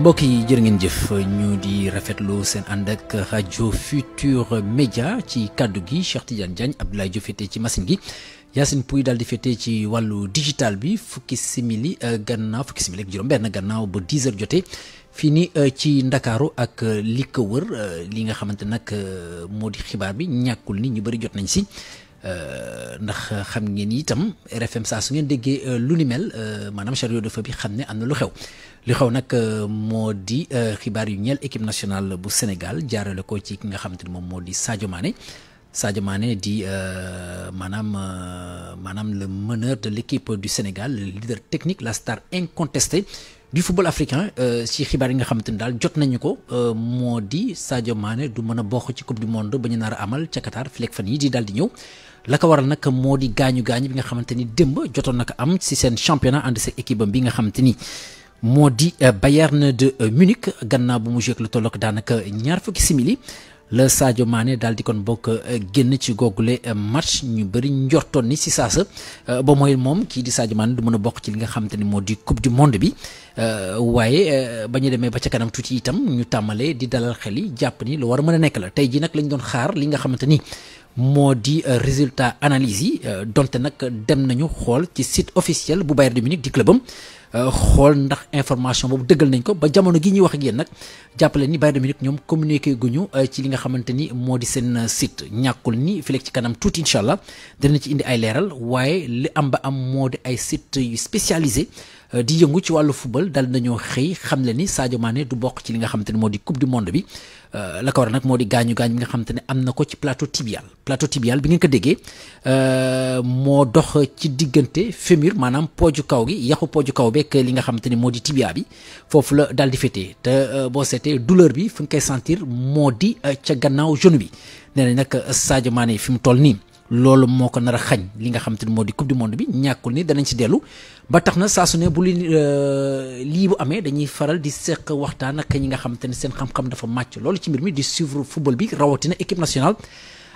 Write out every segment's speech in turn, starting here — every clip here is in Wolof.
mbokk yi jërë ngeen jëf ñu di rafetlu seen ànd ak rajo Futur Média ci kàddu gi Cheikh Tidiane Diagne Abdoulaye Diop féete ci machine gi Yacine Pouy daal di féete ci wàllu digital bi fukki simili euh, gannaaw fukki simili ak juróom-benn gannaaw ba 10 jote jotee. fii nii euh, ci ndakaaru ak euh, li ko wër li nga xamante nag moo di xibaar bi ñàkkul ni ñu bëri jot nañ si ndax xam ngeen itam RFM saa su ngeen déggee lu ni mel maanaam chariot de feu bi xam ne am na lu xew li xaw nag euh, moo di euh, xibaar yu ñeel équipe nationale bu Sénégal jaarale ko ci ki nga xamante ni moom moo di Sadio maane Sadio Mané di euh, maanaam maanaam le meneur de l'équipe du Sénégal le technique la star incontestée du football africain ci xibaar yi nga xamante ni daal jot nañu ko moo di Sadio Mané du mën a bokk ci coupe du monde ba ñu nar a amal ca Qatar fileeg fan yi di daal di ñëw laka waral nag moo di gaañu gaañu bi nga xamante ni démb jotoon na am si seen championnat ànd sa équipe bi nga xamante ni. moo di euh, Bayern de euh, Munich gannaaw bu mu jékku la tollook daanaka ñaar fukki simili la Sadio Mané daal di kon bokk euh, génn ci googule match ñu bëri njortoon ni si saasa ba mooy moom kii di Sadio Mané du mën a bokk ci li nga xam ni moo di coupe monde bi waaye ba ñu demee ba ca kanam tuuti itam ñu tàmmalee di dalal xel jàpp ni lu war a mën a nekk la tey jii nag lañ doon xaar li nga xamante ni moo di résultat analyse yi donte nag dem nañu xool ci site officiel bu Bayern de Munich di clubam Euh, xool ndax information boobu dëggal nañ ko ba jamono gi ñuy wax ak yéen nag jàppale ni Bayern de Munich ñoom communiqué guñu euh, ci li nga xamante ni moo di seen euh, sit ñàkkul ni fileeg ci kanam tuuti incha allah dinañ ci indi ay leeral waaye li am ba am moo di ay sit yu spécialisé Euh, di jëngu ci wàllu football dal nañoo xëy xam le ni Sadio Mané du bokk ci li nga xamante ne moo di coupe du monde bi euh, la ko war nag moo di gaañu gaañ bi nga xamante ne am na ko ci plateau tibial plateau tibial bi ngeen ko déggee euh, moo dox ci diggante fémur maanaam pooju kaw gi yaxu pooju kaw li nga xamante ne moo di tibia bi foofu la daal di féetee boo seetee douleur bi fi nga koy sentir moo di ca gannaaw genou bi nee nañ nag Sadio Mané fi mu toll nii. loolu moo ko nar a xañ li nga xam te moo di coupe du monde bi ñàkkul ni danañ si dellu ba tax na saa su ne bu li euh, lii bu amee dañuy faral di seq waxtaan ak ñi nga xam te seen xam-xam dafa màcc loolu ci mbir mi di suivre football bi rawatina équipe nationale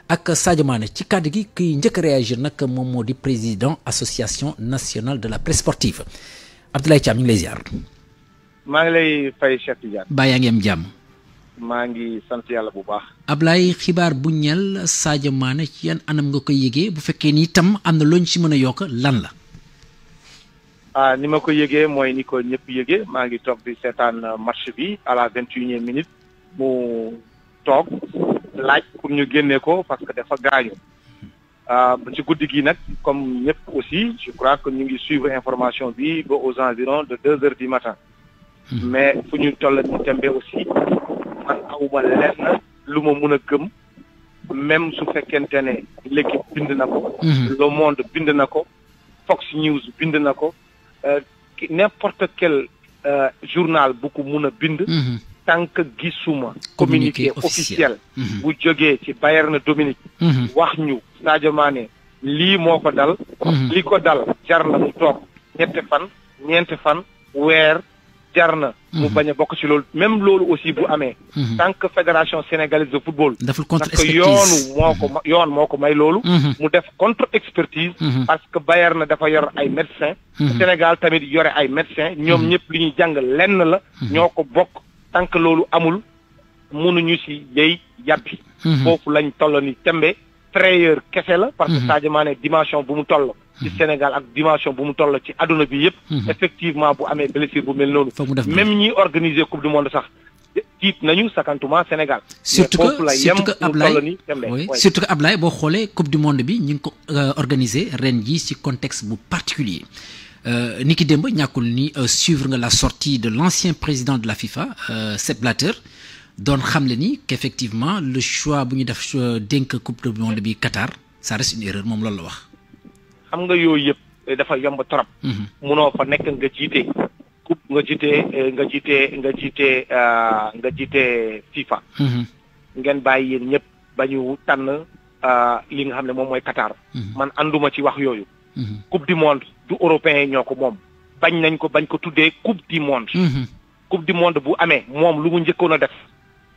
ak Sadio Mané ci kàddu gi kiy njëkk a réagir nag moom moo di président association nationale de la presse sportive Abdoulaye Thiam ñu ngi lay ziar. maa ngi lay ngi am jàmm. maa ngi sant yàlla bu baax. Ablaye xibaar bu ñel Sadio Mané ci yan anam nga koy yëgee bu fekkee ni itam am na ci mën a yokk lan la. ah ni ma ko yëgee mooy ni ko ñëpp yëgee maa ngi toog di seetaan euh, match bi à la 21e minute mu toog laaj pour ñu génnee ko parce que dafa gaañu. Ah, ci guddi gi nag comme ñëpp aussi je crois que ñu ngi suivre information bi aux environs de 2h du matin. Hmm. mais fu ñu toll tembe aussi man lu ma même su fekkente l'équipe bind mhm. le monde bind na Fox News bind na euh, n'importe quel euh, journal beaucoup ko mun mhm. tant que gisuma communiqué officiel mhm. bu jógee ci Bayern Dominique wax ñu Sadio Mané dal li ko dal jar na mu fan fan jar mu mhm. bañ a bokk ci loolu même loolu aussi bu amee. Mhm. tant que fédération sénégalaise de football. deful contre expertise yoonu moo ko mhm. yoon moo ko may loolu. mu def contre expertise. parce que Bayern na dafa yor ay médecins. Sénégal tamit yore ay médecins ñoom ñëpp li ñuy jàng lenn la. ñoo ko bokk tant que loolu amul mënuñu ci yey yàppi. foofu lañ toll ni tembe. frayeur kese la. parce que Sadio Mané dimension bu mu tollo ci Sénégal ak dimension bu mu toll ci aduna bi yépp mhm. effectivement bu amee blessure bu mel noonu. même ñi organiser coupe du monde sax. tiit nañu sakantuma Sénégal. surtout que surtout que Ablaye surtout que Ablaye boo coupe du monde bi ñu ngi ko euh, organiser ren jii ci contexte bu particulier euh, Niki ki démb ñàkkul ni euh, suivre nga la sortie de l'ancien président de la FIFA Sepp Blatter doon xamle ni qu'effectivement le choix bu ñu def coupe du monde bi Qatar ça reste une erreur wax. xam nga yooyu yëpp eh, dafa yomb trop. Mhm. munoo fa nekk nga jiite coupe nga jiite eh, nga jiite nga jiite ah, nga jiite FIFA. Mhm. ngeen bàyyi yéen ñëpp ba ñu tànn ah, li nga xam ne moom mooy Qatar. Mhm. man ànduma ci wax yooyu. coupe du monde du européen yi ñoo ko moom. bañ nañ ko bañ ko tuddee coupe du monde. coupe du monde bu amee moom lu mu njëkkoon a def.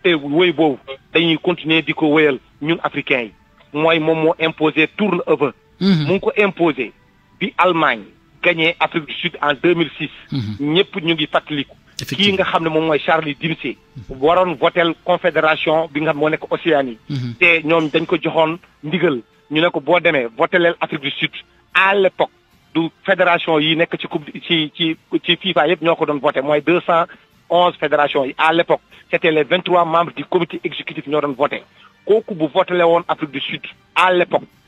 te woy boobu dañuy continuer di ko wéyal ñun africains yi. mooy moom moo imposé tourne-over. Mhm. mu ngi ko imposé bi Allemagne gagné Afrique du Sud en 2006. Mhm. ñepp ñu ngi fàttaliku. kii nga xamné ne moy Charlie Charles mhm. waron waroon confédération bi nga mo nek Océanie. té ñom dañ ko joxone ndigal ñu ne bo démé voter l'Afrique Afrique du Sud à l'époque du fédération yi nek ci coupe ci ci ci FIFA yépp ñoko ko voter moy 211 fédération yi à l'époque c'était les 23 membres du comité exécutif ñoo doon voter koku bu votelé woon Afrique du Sud à l'époque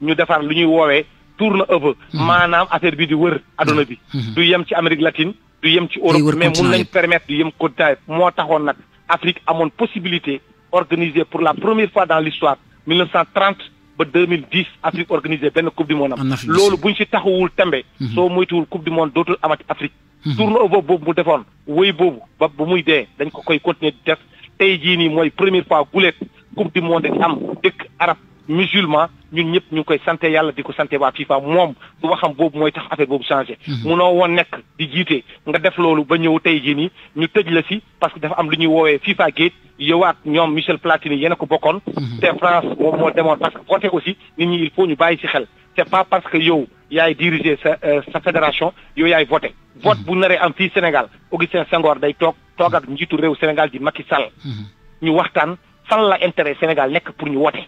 ñu defar lu ñuy woowee tourne over mhm. maanaam affaire bi di wër adduna bi mhm. Mhm. du yem ci Amérique latine du yem ci Europe mais mun nañ permettre du yem continent moo taxoon nag Afrique amoon possibilité organisée pour la première fois dans l'histoire 1930 ba 2010 Afrique organisée benn coupe du monde am loolu bu ñu ci taxawul tembe soo moytuwul coupe du monde dootul amati Afrique tourne over boobu mu defoon woy boobu ba bu muy dee dañ ko koy continuer di def tey jii nii mooy première fois guleet coupe du monde di am arab musulman ñun ñëpp ñu koy sant yàlla di ko sant waa FIFA moom du waxam boobu mooy tax affaire boobu changé. Mhm. munoo woon nekk di jiitee nga def loolu ba ñëw tey jii nii ñu tëj la si parce que dafa am lu ñuy woowee FIFA gate yowaat ñoom Michel Platini yéen a ko bokkoon. Mhm. te France moom moo demoon parce que voté aussi nit ñi il faut ñu bàyyi si xel. c'est pas parce que yow yaay diriger sa euh, sa fédération yow yaay voté. Mhm. vote bu naree am fii Sénégal Augustin Senghor day toog toog njiitu réew Sénégal di Macky Sall. ñu waxtaan fan la intérêt Sénégal nekk pour ñu wote.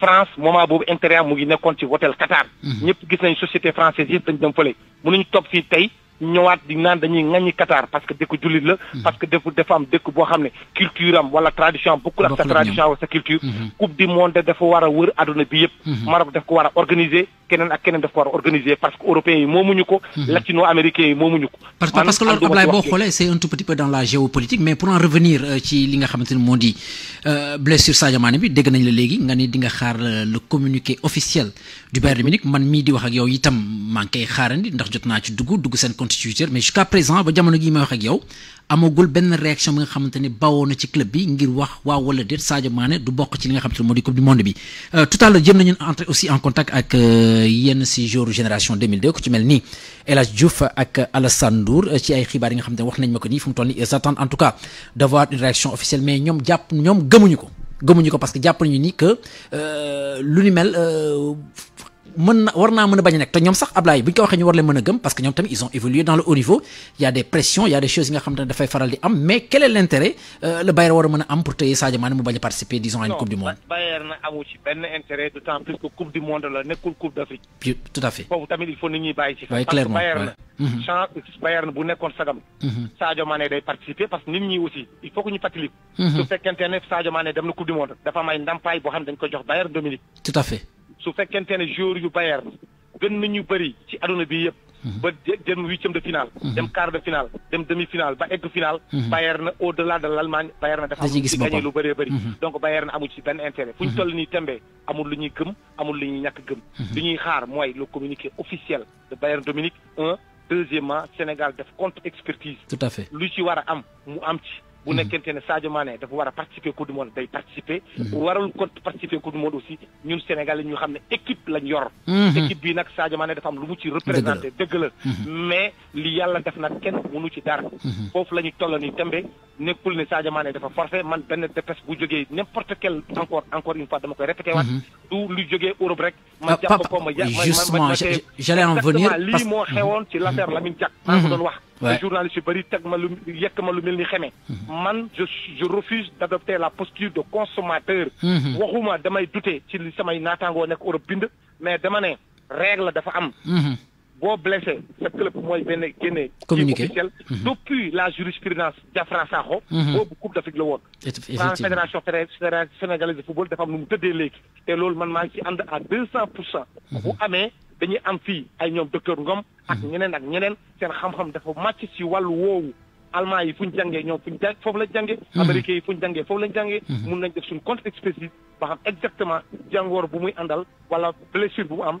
France moment boobu intérêt mu ngi nekkoon ci hôtel Qatar. Mhm. ñëpp gis nañ société française yëpp dañ dem fële mënuñ toog fii tey. ñëwaat di naan dañuy ŋaññi Qatar parce que dëkk jullit la. Hmm. parce que dafa dafa am dëkk boo xam ne culture am wala tradition bokkul ak sa tradition wala sa culture. Hmm. coupe du monde dafa war a wër àdduna bi yëpp. Hmm. Maroc daf ko war a organiser keneen ak keneen daf ko war a organiser parce que européens yi moomuñu ko. latino américains yi moomuñu ko. parce que parce que loolu boo xoolee c'est un tout petit peu dans la géopolitique mais pour en revenir euh, ci li nga xamante ni moo di euh, blessure Sadio Mané mii wax ak yow itam maa ngi koy xaarandi dugg dugg seen compte institutionnel mais jusqu'à présent ba jamono gi may wax ak yow amagul ben réaction bi nga xamanteni ne bawoo ci club bi ngir wax wa wala déet Sadio Mané du bok ci li nga xamante ne moo coupe du monde bi euh, tout à l'heure jëm nañu entrer aussi en contact ak euh, yenn si jour génération 2002 ku ci mel nii El Hadj Diouf ak Alassane euh, ci ay xibaar yi nga xamanteni wax nañ ma ko nii fu mu toll nii ils attendent en tout cas d'avoir une réaction officielle mais ñom japp ñom gëmuñu ko gëmuñu ko parce que japp ñu ni que euh lu ni mel euh mën na war bañ nek té ñom sax ablay buñ ko waxé ñu war leen mëna gëm parce que ñom tam ils ont évolué dans le haut niveau il y a des pressions il y a des choses nga xam da fay faral di am mais quel est l'intérêt euh, le Bayern war mëna am pour téye Sadio Mané mu bañ participer disons à une coupe du monde. Bayern na amu ci ben intérêt d' autant plus que coupe du monde la nekul coupe d'afrique tout à fait foofu tamit il faut ñi bay ci. waaye clairement mhm. chance Bayern bu nekkon sagam. Mhm. Sadio Mané day participer parce que nit ñi aussi il faut que ñu fàttali. Mhm. su fekkente né Sadio Mané dem na coupe du monde dafa may ndampaay boo xam dañ ko jox Bayern Dominique. tout à fait su fekkentene ne Bayern huitième de finale. Mhm. quart de finale demi finale finale. Mhm. Bayern au delà de l'Allemagne Bayern na dafa mhm. donc Bayern na amul ci intérêt. toll le communiqué officiel de Bayern Dominique un deuxièmement Sénégal def contre expertise. tout à fait lu bu hmm. nekkente ne Sadio Mané dafa war a participer coupe du monde day participer. Hmm. warul kon du monde aussi ñun Sénégal yi xam ne équipe lañ yor. Hmm. équipe bi nag Sadio Mané dafa am lu mu ci représenté dëgg la mais. li yàlla def nag kenn mënu ci dara. Mhm. foofu la ñu toll nii tembe nekkul ne Sadio Mané dafa forcé man benn dépêche bu jógee n'importe quel encore encore une fois dama koy répété waat. Mhm. du lu jógee Europe rek. ma ah, jàpp ko ma ja ma ma j'allais en venir parce que lii moo xewoon ci mhm. l'affaire Lamine Diack. maa ko doon wax. les journalistes yu bëri teg ma lu yekk ma lu mel ni xeme. man je je refuse d'adopter la posture de consommateur. waxuma damay douter ci li samay naataangoo nekk Europe bind mais dama ne règle dafa am boo blessé sa club mooy benn génne. communiqué officiel mhm. depuis la jurisprudence Diafra Sakho. boobu Coupe d'Afrique la woon. La fédération sénégalaise de football dafa am nu mu tëddee léegi. te loolu man maa ngi ci ànd à deux cent pour cent. Mhm. bu amee dañuy am fii ay ñoom docteur Ngom. ak mhm. ñeneen ak ñeneen seen xam-xam dafa match, ci wàllu woowu. allemand yi fu ñu jàngee ñoom fu ñu jàng foofu lañ jàngee. américains yi fu ñu jàngee foofu lañ jàngee. mun nañ def suñu contre expertise ba xam exactement jàngoor bu muy àndal wala blessure bu mu am.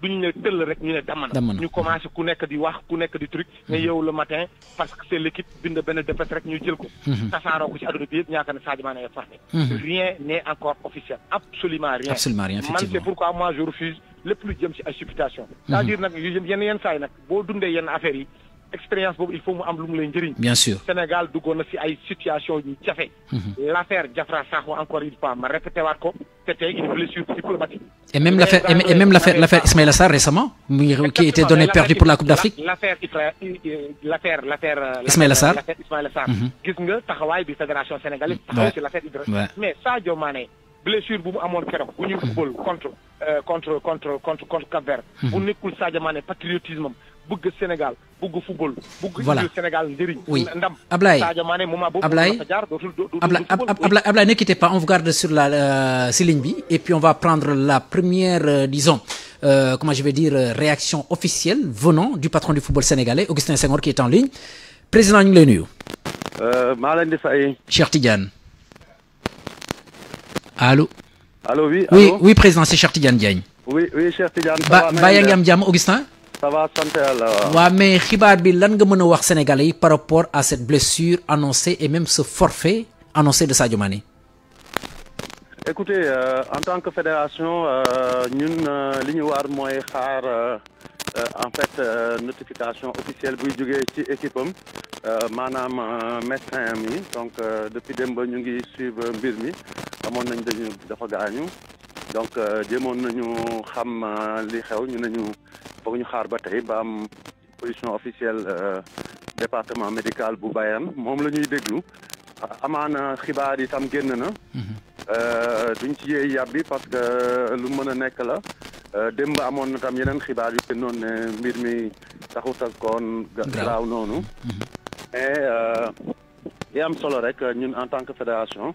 duñ ne tëll rek ñu ne damana ñu commencé ku nekk di wax ku nekk di truc mais mhm. yow le matin parce que c'est l'équipe bind benn défaite rek ñu jël ko mhm. tasaaroo ko ci àdduna bi ñaka ñaaka ne Sadio Mané parfait mhm. rien n'est encore officiel absolument rien man c'est pourquoi moi je refuse lépp lu jëm ci ay c'est-à-dire nag yenn yenn say nak bo dundé yenn affaire yi expérience boobu il faut mu am lu mu lay njëriñ bien sûr Sénégal duggoon na ci ay situation yu jafe l'affaire Diafra Sakho encore une fois ma répété waat ko c'était tey une blessure diplomatique et même l'affaire, euh, bah, et euh, même l'affaire, l'affaire Ismail Assar récemment, qui était donné perdu pour la Coupe d'Afrique. L'affaire l'affaire, l'affaire Ismail Assar. Gis nga taxawaay bi fédération sénégalaise l'affaire Idrissa. Mais Sadio Mané blessure bu mu amoon keroog bu ñuy mm-hmm. football contre euh, contre contre contre contre Cap-Vert. Mm-hmm. bu nekkul Sadio Mané patriotisme bëgg Sénégal bëgg football. bëgg Sénégal oui Ablaye Ablaye Ablaye ne quittez pas on vous garde sur la Céline euh, ligne et puis on va prendre la première euh, disons euh, comment je vais dire réaction officielle venant du patron du football sénégalais Augustin Senghor qui est en ligne président ñu Cher lay nuyu. Allô oui oui oui président c'est Cher Tidiane Diagne. oui oui Cher Tidiane. ba ba Augustin ça va mais xibaar bi lan nga mën sénégalais par rapport à cette blessure annoncée et même ce forfait annoncé de Sadio Mané. écoutez euh, en tant que fédération euh, nous euh, li ñu war en fait notification officielle pour l'équipe. ci équipe am médecin donc depuis que nous ngi suivre mbir mi amoon nañ dañu dafa gaañu donc euh, jéemoon nañu xam euh, li xew ñu nañu foog ñu xaar ba tey ba am position officielle euh, département médical bu Bayern moom la ñuy déglu amaana xibaar yi tam génn na mhm. duñ ci yee yàbbi parce que lu mën a nekk la démb amoon na tam yeneen xibaar yu génnoon ne mbir mi taxut ak koon garaaw noonu mhm. mais li am solo rek ñun en tant que fédération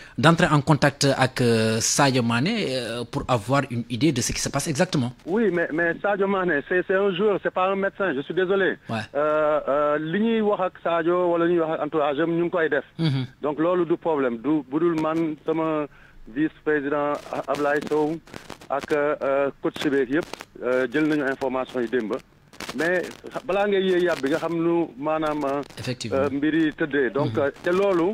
d'entrer en contact avec euh, Sadio Mané euh, pour avoir une idée de ce qui se passe exactement. Oui, mais, mais Sadio Mané, c'est un joueur, c'est pas un médecin, je suis désolé. Ouais. Euh, euh, wax ak Sadio wala ñuy wax entourage ñu koy def. Mhm. Donc loolu du problème du budul man sama vice-président Ablaye Sow ak euh, coach beeg yëpp euh, jël nañu information yi démb. mais balaa ngay yee yàb bi nga xam nu maanaam. Euh, effectivement mbir yi tëddee donc mhm. te loolu.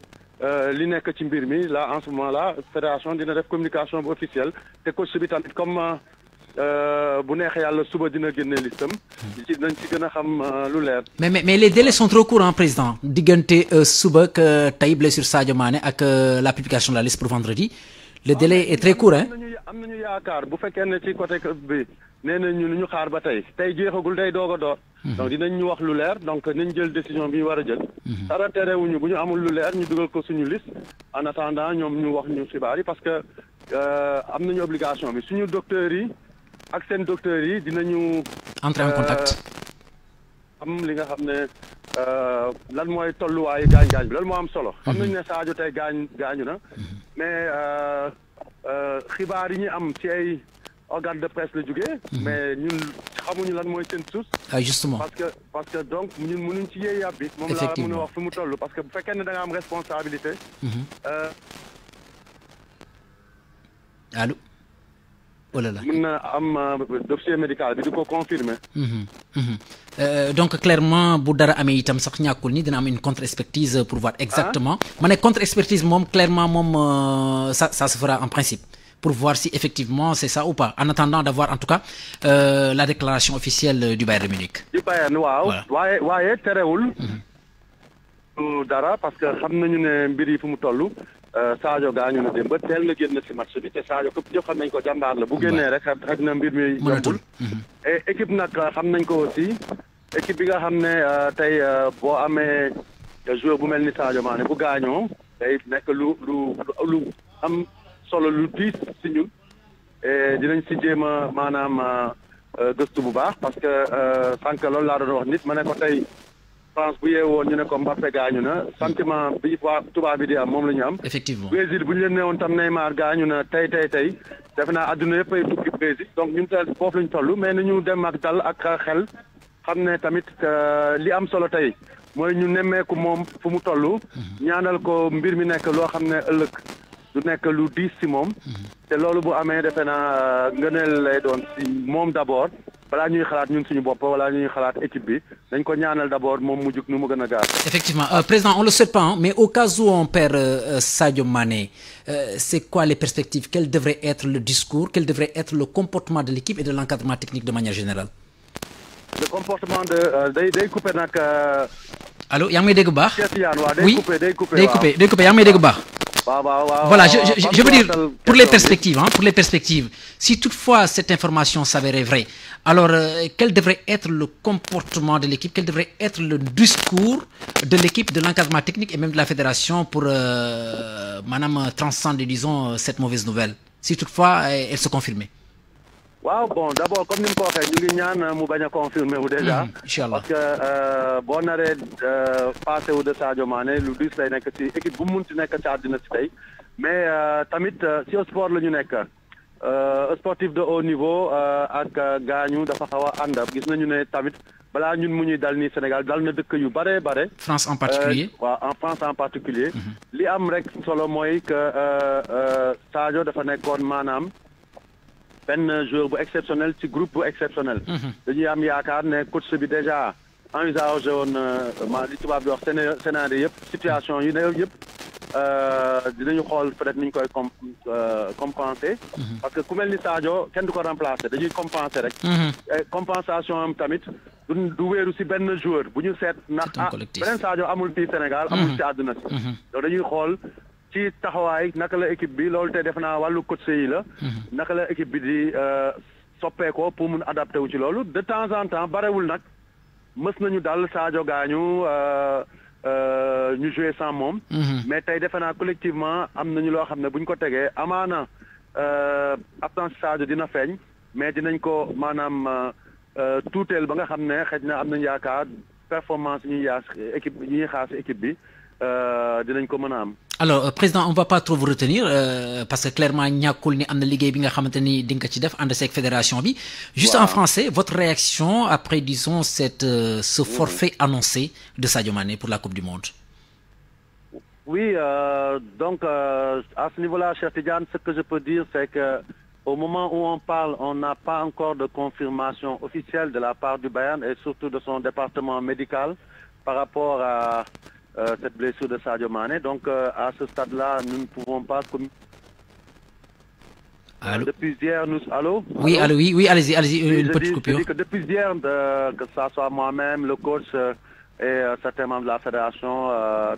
Euh, li nekk ci mbir mi là en ce moment là fédération dina ref communication officielle C'est coach bi tamit comme euh, euh, bu neex yàlla suba dina génne listam ci nañ ci gën xam lu leer. mais mais les délais sont trop courts en hein, président Diganté suba que tey sur Sadio Mané ak la publication de la liste pour vendredi le délai est très court hein. bu ci côté bi. nee nañ ñu lu ñu xaar ba tey tey jeexagul day doog a door. Mhm. donc dinañ ñu wax lu leer donc nañ jël décision bi ñu war a jël. Mhm. dara terewuñu bu ñu amul lu leer ñu dugal ko suñu liste en attendant ñoom ñu wax ñu xibaar yi parce que euh, am nañu obligation bi suñu docteurs yi ak seen docteurs yi dinañu. entrer en contact. Euh, am li nga xam ne euh, lan mooy tolluwaayu gaañ-gaañ bi loolu moo am solo. xam nañ mhm. ne saajo tey gaañ gaañu na mais xibaar yi ñu am ci ay. organe de presse le jógee mhm. mais ñun xamuñu lan nous seen tous ah justement parce que parce que donc nous mënuñ ci yee yàbbi moom laa mën wax parce que bu a une da nga am responsabilité mhm. euh, Allô olala mën un am euh, dossier médical bi di ko confirmer mhm. Euh, donc clairement bu dara amee itam sax ñakul ni dina am une contre-expertise pour voir exactement ah. ma contre-expertise mom clairement moom ça ça se fera en principe pour voir si effectivement c'est ça ou pas. En attendant d'avoir en tout cas euh, la déclaration officielle du Bayern Munich. Du Bayern, waaw waaye waaye terewul. Mhm. dara parce que xam nañu ne mbir yi fu mu toll. Euh, Sadio gañu na dem ba teel na genn ci match bi te Sadio ko ñëpp nañ ko jàmbaar la bu genné rek xaj na mbir mi yombul et équipe nak xam nañ ko aussi équipe bi nga xamné euh, tay euh, bo amé amee joueur bu melni Sadio Mané bu gaño day nek lu lu lu am solo lu diis eh, si ñun dinañ ci jéem manam euh gëstu bu baax parce que euh sank lool la doon wax nit mané ko tay France bu yeewoon ñu ne ko Mbappé gaañu na sentiment bi wa tubaab bi di am mom la ñu am. effectivement Brésil buñu leen neewoon tam Neymar gaañu na tay tay tey defe naa àdduna yëpp ay tukki Brésil donc ñun tey fofu la tollu mais ni ñu dem ak dal ak xel xamné tamit eh, li am solo tay moy ñu nemmeeku mom fu mu tollu mhm. ñaanal ko mbir mi nekk lo xamné ëlëk du nekk lu diis si moom mhm. te loolu bu amee defe naa euh, ngëneel lay doon si moom d'abord balaa ñuy xalaat ñun suñu bopp wala ñuy xalaat équipe bi dañ ko ñaanal d'abord moom mu jug nu mu gën a gaaw. effectivement euh, président on le sait pas hein, mais au cas où on perd euh, euh, Sadio Mané euh, c'est quoi les perspectives quel devrait être le discours quel devrait être le comportement de l'équipe et de l'encadrement technique de manière générale. le comportement de euh, day day couper nag. allo yaa ngi may dégg bu baax. oui day couper day couper yaa ngi may dégg baax. Bah, bah, bah, voilà, je, veux dire, pour les perspectives, hein, pour les perspectives, si toutefois cette information s'avérait vraie, alors euh, quel devrait être le comportement de l'équipe, quel devrait être le discours de l'équipe, de l'encadrement technique et même de la fédération pour, euh, madame, transcender, disons, euh, cette mauvaise nouvelle, si toutefois elle se confirmait waaw bon comme nous ko waxee euh, déjà. Hmm, parce que euh, boo naree euh, passé de Mane, lu diis lay nekk équipe bu de munti nekk ci si tey tamit sport la sportif de haut niveau ak a gis nañu tamit balaa ñun mu ñuy dal nii Sénégal dal na yu France en particulier en France en particulier mhm. li am rek solo que benn joueur bu exceptionnel ci groupe bu exceptionnel. Mhm. dañuy am yaakaar ne coach bi déjà envisagé woon euh, ma li tubaab di wax scénario yëpp situation yu ne yëpp euh, dinañu xool peut-être niñ koy euh, compenser. Mhm. parce que ku mel ni Sadio kenn du ko remplacer dañuy compenser rek. Mhm. compensation am tamit du du wéeru ci benn joueur bu ñu seet. ndax ah beneen Sadio amul fii Sénégal. amul ci àdduna si. donc dañuy xool. ci taxawaay naka la équipe bi loolu te def naa wàllu coach yi la. Mhm. naka la équipe bi di euh, soppeekoo pour mun adapté wu ci loolu de temps en temps barewul nag mës nañu dal Sadio gaañu euh, euh, ñu joué sans moom. Mhm. mais tey defe naa collectivement am nañu loo xam ne bu ko tegee amaana absence Sadio dina feeñ mais dinañ ko maanaam tuuteel ba nga xam ne xëj na am nañu yaakaar performance ñuy yaas équipe ñuy xaas équipe bi. Euh, alors euh, président on va pas trop vous retenir euh, parce que clairement ñàkkul ni am na bi nga fédération juste en français votre réaction après disons cette ce mmh. forfait annoncé de Sadio Mané pour la coupe du monde. oui donc à ce niveau-là cher Tidiane ce que je peux dire c'est que au moment où on parle on n'a pas encore de confirmation officielle de la part du Bayern et surtout de son département médical par rapport à. Euh, cette blessure de Sadio Mané. Donc euh, à ce stade-là, nous ne pouvons pas... Allô? Depuis hier, nous... Allô? Oui, allô, oui, oui allez-y, allez-y, une petite coupure. que depuis hier, que ce soit moi-même, le coach euh, et certains membres de la fédération,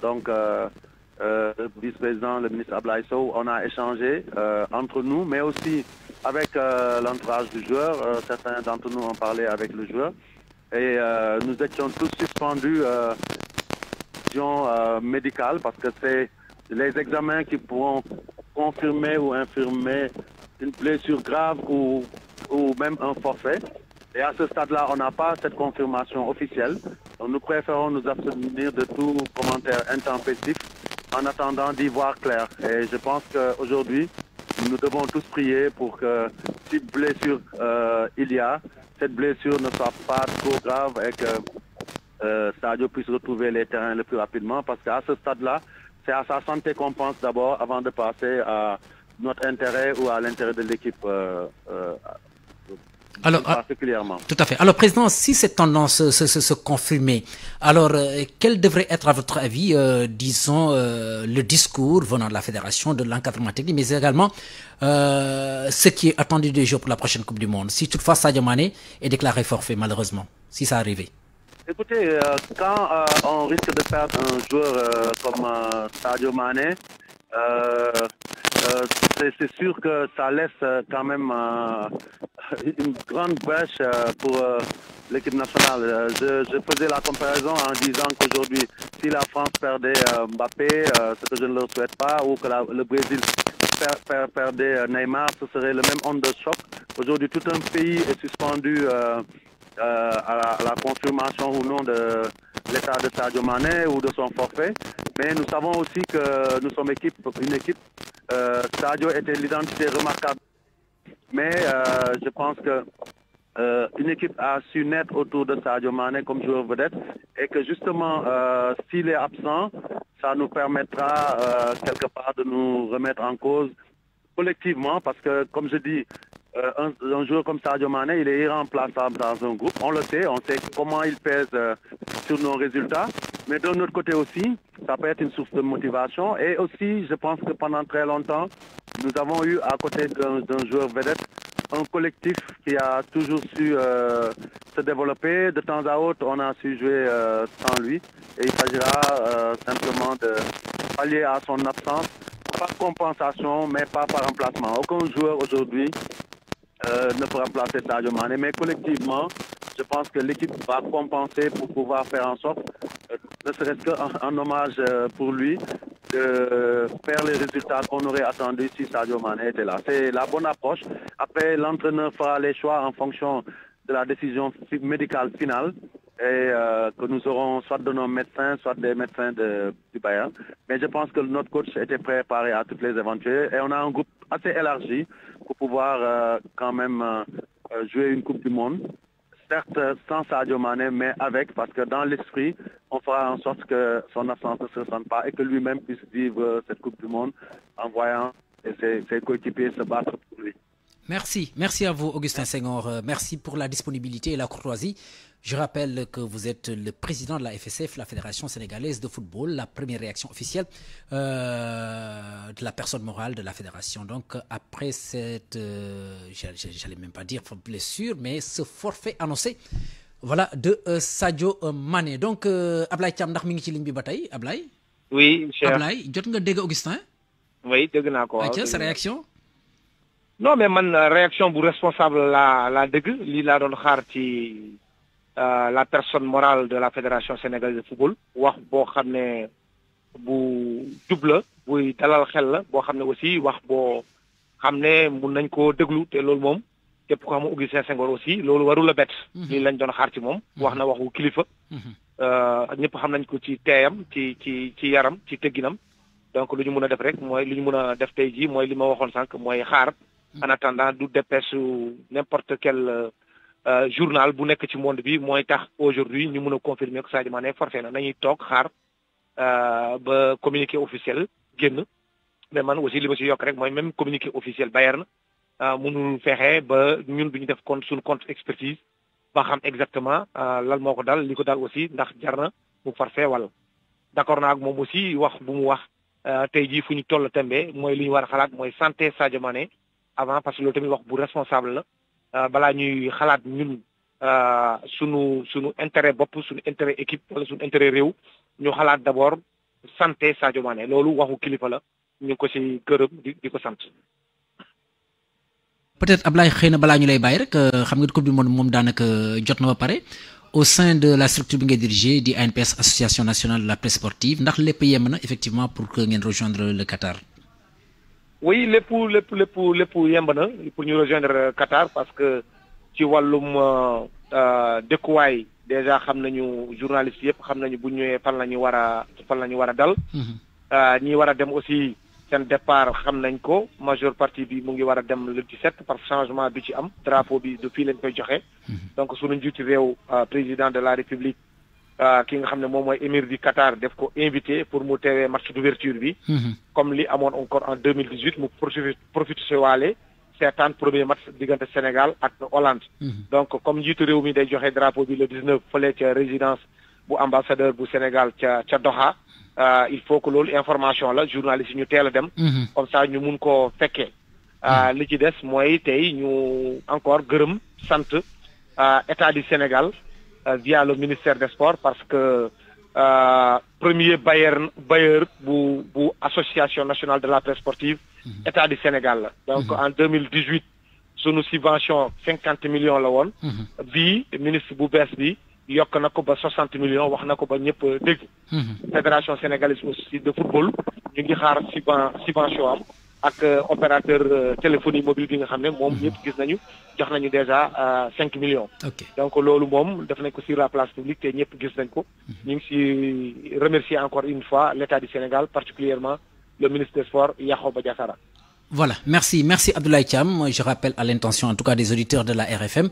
donc le vice-président, le ministre Ablaïso, on a échangé entre nous, mais aussi avec l'entourage du joueur. certains d'entre nous ont parlé avec le joueur. Et nous étions tous suspendus euh, médicale parce que c'est les examens qui pourront confirmer ou infirmer une blessure grave ou, ou même un forfait. Et à ce stade-là, on n'a pas cette confirmation officielle. Donc nous préférons nous abstenir de tout commentaire intempestif en attendant d'y voir clair. Et je pense qu'aujourd'hui, nous devons tous prier pour que si blessure euh, il y a, cette blessure ne soit pas trop grave et que euh, Stadio puisse retrouver les terrains le plus rapidement parce qu'à ce stade-là, c'est à sa santé qu'on pense d'abord avant de passer à notre intérêt ou à l'intérêt de l'équipe euh, euh, ah, particulièrement. Tout à fait. Alors, Président, si cette tendance se, confirmait, alors quel devrait être, à votre avis, disons, le discours venant de la Fédération, de l'encadrement technique, mais également ce qui est attendu des jours pour la prochaine Coupe du Monde, si toutefois Sadio Mané est déclaré forfait, malheureusement, si ça arrivait Écoutez, euh, quand euh, on risque de perdre un joueur euh, comme Sadio Manet, c'est sûr que ça laisse quand même une grande brèche pour l'équipe nationale. Je, faisais la comparaison en disant qu'aujourd'hui, si la France perdait Mbappé, ce que je ne le souhaite pas, ou que le Brésil perdait Neymar, ce serait le même onde de choc. Aujourd'hui, tout un pays est suspendu euh, à, la, confirmation ou non de l'état de Sadio Manet ou de son forfait. Mais nous savons aussi que nous sommes équipe, une équipe. Euh, Sadio était l'identité remarquable. Mais euh, je pense que euh, une équipe a su naître autour de Sadio Manet comme joueur vedette et que justement, s'il est absent, ça nous permettra quelque part de nous remettre en cause collectivement parce que, comme je dis, euh, un, joueur comme Sadio Mane il est irremplaçable dans un groupe. On le sait, on sait comment il pèse euh, sur nos résultats. Mais d'un autre côté aussi, ça peut être une source de motivation. Et aussi, je pense que pendant très longtemps, nous avons eu à côté d'un joueur vedette un collectif qui a toujours su euh, se développer. De temps à autre, on a su jouer sans lui. Et il s'agira simplement de pallier à son absence, par compensation, mais pas par remplacement. Aucun joueur aujourd'hui euh, ne pourra placer Sadio Mané, mais collectivement, je pense que l'équipe va compenser pour pouvoir faire en sorte, euh, ne serait-ce qu'un hommage euh, pour lui, de faire les résultats qu'on aurait attendus si Sadio Mané était là. C'est la bonne approche. Après, l'entraîneur fera les choix en fonction de la décision médicale finale et que nous aurons soit de nos médecins, soit des médecins de, du Bayern. Mais je pense que notre coach était préparé à toutes les éventuelles et on a un groupe assez élargi pour pouvoir euh, quand même euh, euh, jouer une Coupe du Monde. Certes, sans Sadio Mané, mais avec, parce que dans l'esprit, on fera en sorte que son absence ne se ressente pas et que lui-même puisse vivre cette Coupe du Monde en voyant ses, ses coéquipiers se battre pour lui. Merci. Merci à vous, Augustin Senghor. Euh, merci pour la disponibilité et la courtoisie. Je rappelle que vous êtes le président de la FSF, la Fédération sénégalaise de football, la première réaction officielle euh, de la personne morale de la fédération. Donc après cette, euh, j'allais même pas dire blessure, mais ce forfait annoncé, voilà, de Sadio Mané. Donc Ablay, Thiam ndax mi ngi ci oui cher Ablaye jot nga Augustin. oui j'ai entendu. Ok, sa réaction non mais man réaction bu responsable la la deug li la don xaar ci euh, la personne morale de la fédération sénégalaise de football wax bo xamné bu jub bu dalal xel la bo xamné aussi wax bo xamné mën mun nañ koo déglu te loolu moom képp ko xam Augustin Senghor aussi loolu waru la bett mhm. li lañ don xaar ci mom mhm. wax na waxu kilifa mhm. euh ñepp xam nañ ko ci téyam ci ci ci yaram ci tegginam donc luñu mëna def rek moy luñu mëna def tay ji moy li ma waxoon sànq mooy xaar en attendant du dépêche n'importe quel euh, euh, journal bu que ci monde bi moy tax aujourd'hui ñu mëna confirmer que Sadio Mané forfait na xaar euh, ba communiqué officiel mais man aussi li même communiqué officiel Bayern mënu sur ba ñun compte compte expertise ba exactement lan un dal aussi ndax d'accord nak mom aussi wax bu mu wax santé avant parce que loolu tamit wax bu responsable la euh, balaa ñuy xalaat ñun euh, suñu suñu intérêt bopp suñu intérêt équipe wala suñu intérêt réew ñu xalaat d'abord santé Sadio Mané loolu waxu kilifa la ñu ko ci gërëm di di ko sant. peut-être Ablaye xëy na balaa ñu lay bàyyi rek euh, xam nga coupe du monde moom daanaka jot na ba pare au sein de la structure bi ngay diriger di ANPS association nationale de la presse sportive ndax lépp yem na effectivement pour que ngeen rejoindre le Qatar oui les les pour nous rejoindre euh, Qatar parce que tu wàllum euh, euh, déjà xam journaliste yépp xam bu fan fan aussi départ majeure partie le changement drapeau mhm. donc suñu président de la république ki nga xam ne moom mooy émir du Qatar def ko invité pour mu teewee match d'ouverture bi. Mhm. comme li amoon encore en 2018, mille dix huit mu profité profité waale seetaan premier match diggante Sénégal ak Hollande. Mhm. donc comme njiitu réew mi day joxe drapeau bi le 19 neuf fële résidence bu ambassadeur bu Sénégal ca ca Doha. Euh, il faut que loolu information la journaliste ñu teel a dem. Mhm. comme ça ñu mun koo fekkee. Euh, li ci des mooy tey ñu encore gërëm sant euh, état du Sénégal. Euh, via le ministère des Sports parce que euh, premier bailleur bailleur l'Association association nationale de la presse sportive mhm. état du Sénégal donc mhm. en 2018 nous subvention 50 millions la woon le mhm. ministre bu dit bi y na 60 millions wax a ba fédération sénégalaise de football ñu ngi xaar subvention ak euh, opérateur euh, téléphonie mobile bi nga xam ne moom gis déjà euh, cinq millions donc loolu le def nañ sur la place publique te ñëpp gis nañ ko mhm. encore une fois l'État du Sénégal particulièrement le ministre des Sports Yahoba Badiassara. voilà merci merci Abdoulaye Thiam je rappelle à l'intention en tout cas des auditeurs de la RFM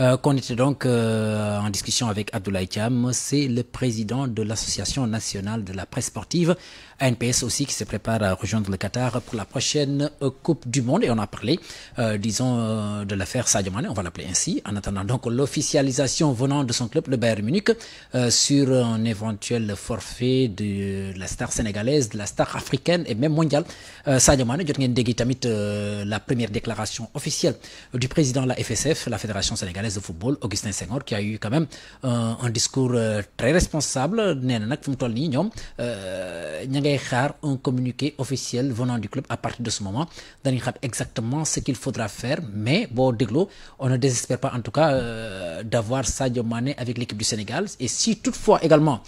euh, qu'on était donc euh, en discussion avec Abdoulaye Thiam, c'est le président de l'Association nationale de la presse sportive, ANPS aussi, qui se prépare à rejoindre le Qatar pour la prochaine euh, Coupe du Monde. Et on a parlé, disons, de l'affaire Sadio on va l'appeler ainsi, en attendant donc l'officialisation venant de son club, le Bayern Munich, sur un éventuel forfait de la star sénégalaise, de la star africaine et même mondiale. Sadio Mane, la première déclaration officielle du président de la FSF, la Fédération sénégalaise de football Augustin Senghor qui a eu quand même euh, un, discours euh, très responsable nest Comme toi... un communiqué officiel venant du club à partir de ce moment Nous exactement ce qu'il faudra faire mais bon, on ne désespère pas en tout cas D'avoir euh, d'avoir Sadio Mané avec l'équipe du Sénégal et si toutefois également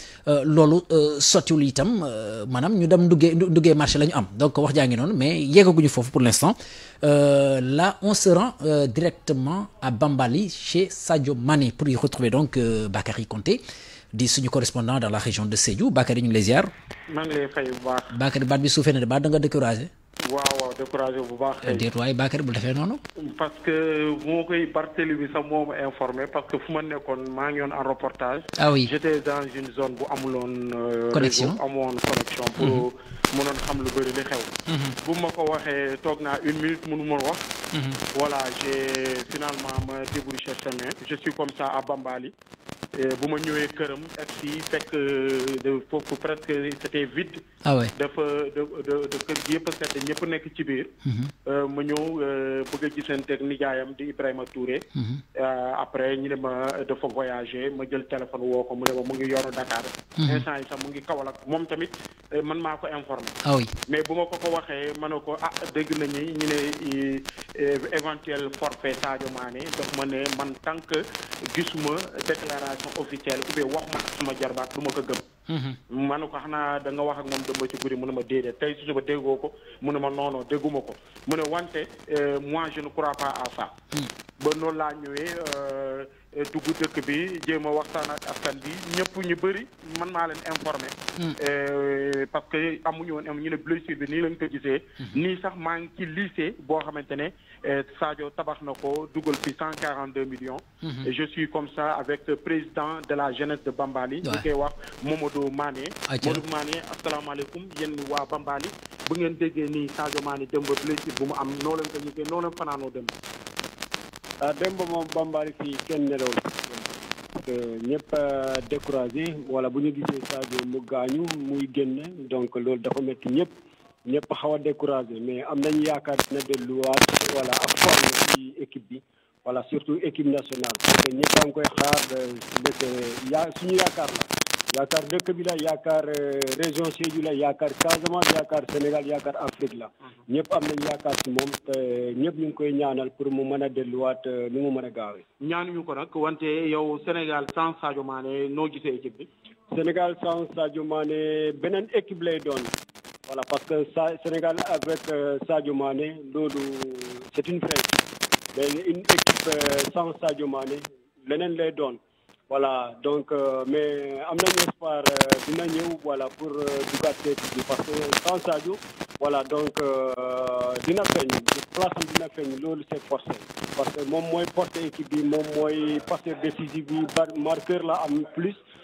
Lolo sottiwul itam maanaam ñu dem nous marché la donc mais pour l'instant là on se rend directement à Bambali chez Sadio Mané pour y retrouver donc euh, Bakary Conté dit son correspondant dans la région de Sédiou. Bakary ñu ngi lay ziar. fay Bakary baat bi suufee na de baat da nga décourager waaw waaw découragé bu parce que bu informé parce que ma reportage. ah oui j'étais dans une zone bu amuloon. Euh, connexion connexion. pour mhm. mënoon xam lu bëri li xew. Mhm. bu une minute mhm. voilà j'ai finalement ma débouché semaine. je suis comme ça à Bambali. Euh, bu ma ñëwee këram ak si fekk euh, foofu presque c'était vide. ah ouais dafa de de de kër gi yëpp a sedd ñëpp nekk ci biir. Mhm. Euh, ma ñëw bëgg a gisante ak nijaayam di Ibrahima Touré. Mhm. après ñu ne ma dafa voyager ma jël téléphone woo ko mu ne ma mu ngi yoru Dakar. Mhm. instant yi sax mu ngi Kaolack moom tamit man maa ko informé. ah oui mais bu ma ko ko waxee ma ne ko ah dégg nañu ñu ne éventuel forfait Sadio Mané daf ma ne man tant que gisuma déclaration. façon officielle ou bien wax ma suma jarbaat du ma ko gëm mhm. ma ne ko xanaa da nga wax ak moom dëmba ci guddi mu ne ma déedéet tey su suba déggoo ko mu ne ma noonoo dégguma ko mu ne wante euh, moi je ne crois pas hmm. ba noonu laa ñëwee euh, dugg dëkk bi jéem a waxtaan ak askan bi ñëpp ñu bëri man maa leen informé hmm. euh, parce que amuñu woon am ñu ne blessure bi nii lañ ko gisee hmm. nii sax maa ngi ci lycée boo xamante ne Sadio Tabarnoko, Dougal 142 millions. Mm -hmm. Et je suis comme ça avec le président de la jeunesse de Bambali, ouais. Momodo Mané. Momodo Mané, assalamu alaikum, yen wa Bambali. Bu ngeen déggee Sadio Mané démb blessure bu mu am noo leen ko yëgee noo leen fanaanoo démb. Ah, démb moom Bambali fi kenn nelawul. ñëpp euh, découragé wala bu ñu gisee Sadio mu gaañu muy génn donc loolu dafa métti ñëpp. ñëpp xaw a découragé mais am nañu yaakaar dina delluwaat voilà ak forme ci équipe bi wala surtout équipe nationale parce que ngi koy xaar nekk euh, yaa suñu yaakaar la yaakaar dëkk bi la yaakaar euh, région Sédhiou la yaakaar Casamance yaakaar Sénégal yaakaar Afrique la ñëpp am nañu yaakaar ci moom te ñëpp ñu ngi koy ñaanal pour mu mën a delluwaat euh, ni mu mën a gaawee. ñaanuñu ko nag wante yow Sénégal sans Sadio Mané noo gisee équipe bi. Sénégal sans Sadio Mané beneen équipe lay doon. Voilà, parce que ça, Sénégal avec euh, Sadio Mané, c'est une fraise. Une, équipe euh, sans Sadio Mané, l'ENEN les donne. Voilà, donc, euh, mais amener espoir euh, voilà, pour euh, parce que sans Sadio, voilà, donc, euh, dina feeñ place am d'une affaire, loolu c'est forcé parce que mon moi, porter équipe bi moom mooy décisif marqueur là en plus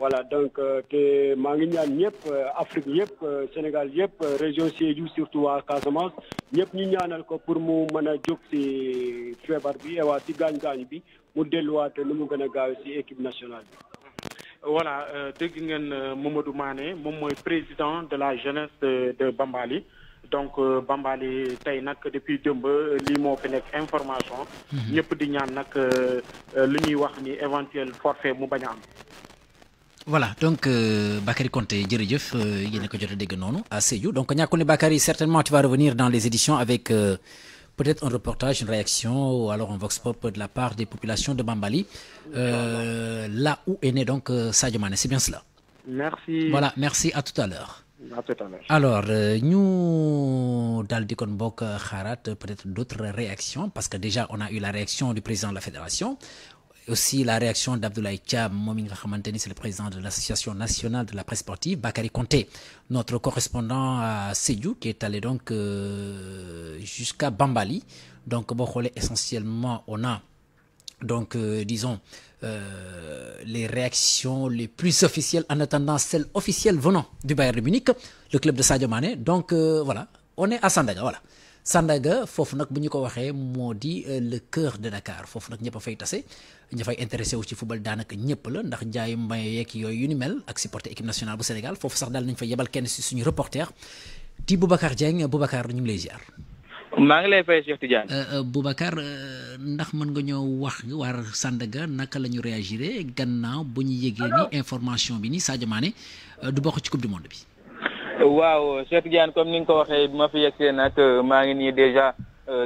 voilà donc euh, que maa ngi ñaan ñëpp euh, Afrique ñëpp euh, Sénégal ñëpp région Sédhiou surtout à Casamance ñëpp ñu ñaanal ko pour mu mën a jóg si feebar bi et waa si gaañ-gaañ bi mu delluwaat lu mu gën a gaaw si équipe nationale bi. voilà dégg ngeen Mamadou Mané moom mooy président de la jeunesse de Bambali donc Bambali tey nag depuis démb lii moo fi nekk information. Mhm. ñëpp di ñaan nag lu ñuy wax ni éventuel forfait mu bañ a am voilà donc euh, Bakary il jërëjëf euh, en a ko à donc ñàkkul Bakary certainement tu vas revenir dans les éditions avec euh, peut-être un reportage, une réaction, ou alors un vox pop de la part des populations de Bambali, là où est né donc Sadio C'est bien cela. Merci. Voilà, merci, à tout à l'heure. À tout à l'heure. Alors, nous, dans le peut-être d'autres réactions, parce que déjà, on a eu la réaction du président de la fédération aussi la réaction d'Abdoulaye Tchab, c'est le président de l'Association nationale de la presse sportive, Bakary Conté, notre correspondant à Seyou, qui est allé donc euh, jusqu'à Bambali. Donc, essentiellement, on a, donc, euh, disons, euh, les réactions les plus officielles, en attendant celles officielles venant du Bayern de Munich, le club de Sadio Mané. Donc, voilà, on est à Sandaga, voilà. Sandaga, Fofnak, le cœur de Dakar, Fofnak, n'y a pas fait assez ña fay intéressé wu ci football danaka ñepp la ndax jaayu mbayo yeeg yooyu yu ni mel ak supporter équipe nationale bu Sénégal fofu sax dal nañ fa yebal kenn ci suñu reporter di Boubacar Dieng Boubacar ñu ngi lay ziar. ma ngi lay fay Cheikh Tidiane. euh, euh Boubacar euh, ndax mën nga ñoo wax war Sandaga naka lañu réagiré gannaaw bu ñu yëgee ni information bi ni Sadio Mané euh, du bokk ci coupe du monde bi. waaw Cheikh Tidiane comme ni nga ko waxee ma fi yegsee nag ma ngi ni déjà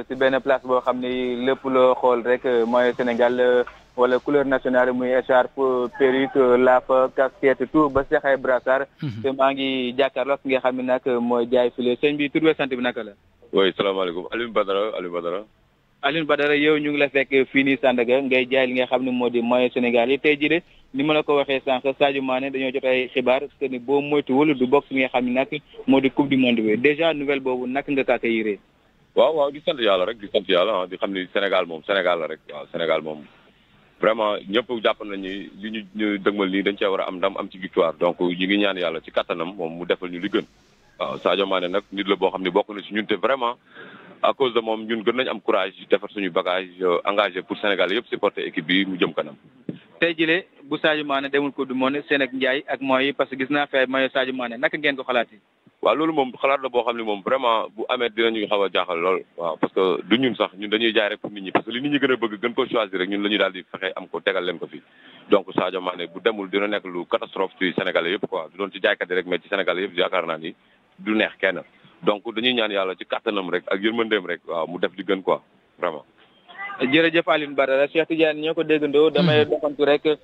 ci benn place boo xam ni lépp loo xool rek mooy Sénégal wala couleur nationale muy écharpe perruque laafa casquette tout ba sax brassard mhm. te maa ngi jàkkaarloo ki nga xam ne nag mooy jaay file sëñ bi tur be sant bi naka la. oui salaamaaleykum Alioune Badara Alioune Badara. Alioune Badara yow ñu ngi la fekk fii nii Sandaga ngay jaay li nga xam ne moo di maillot Sénégal yi tey jii de ni ma la ko waxee sànq Sadio Mané dañoo jot ay xibaar que ni boo moytuwul du bokk nga xam ne nag moo di coupe du monde bi dèjà nouvelle boobu naka nga kaa yiree. waaw waaw di sant yàlla rek di sant yàlla ah, di xam ni Sénégal moom Sénégal la rek waaw Sénégal moom. vraiment ñëpp jàpp nañu li ñu ñu dëgmal nii dañ cee war a am dam am ci victoire donc ñu ngi ñaan yàlla ci kattanam moom mu defal ñu li gën waaw Sadio Mané nag nit la boo xam ne bokk na si ñun te vraiment à cause de moom ñun gën nañ am courage defar suñu bagage euh, engagé pour Sénégal yëpp supporter équipe bi mu jëm kanam. tey jile bu Sadio Mané demul ko du monde Sénégal Ndiaye ak mooy parce que gis naa fee mooy Sadio Mané naka ngeen ko xalaatee. waaw loolu moom xalaat la boo xam ne moom vraiment bu amee dinañu xaw a jaaxal lool waaw parce que du ñun sax ñun dañuy jaay rek pour nit ñi parce que li nit ñi gën a bëgg gën ko choisir rek ñun la ñuy daal di fexe am ko tegal leen ko fi donc Sadio Mané bu demul dina nekk lu catastrophe ci Sénégalais yëpp quoi du doon ci jaaykat yi rek mais ci Sénégalais yëpp yaakaar naa ni du neex kenn donc dañuy ñaan yàlla ci kàttanam rek ak yërmandeem rek waaw mu def di gën quoi vraiment jërëjëf Aline Badara Cheikh Tidiane ñoo ko déggandoo damay hmm. doxantu rek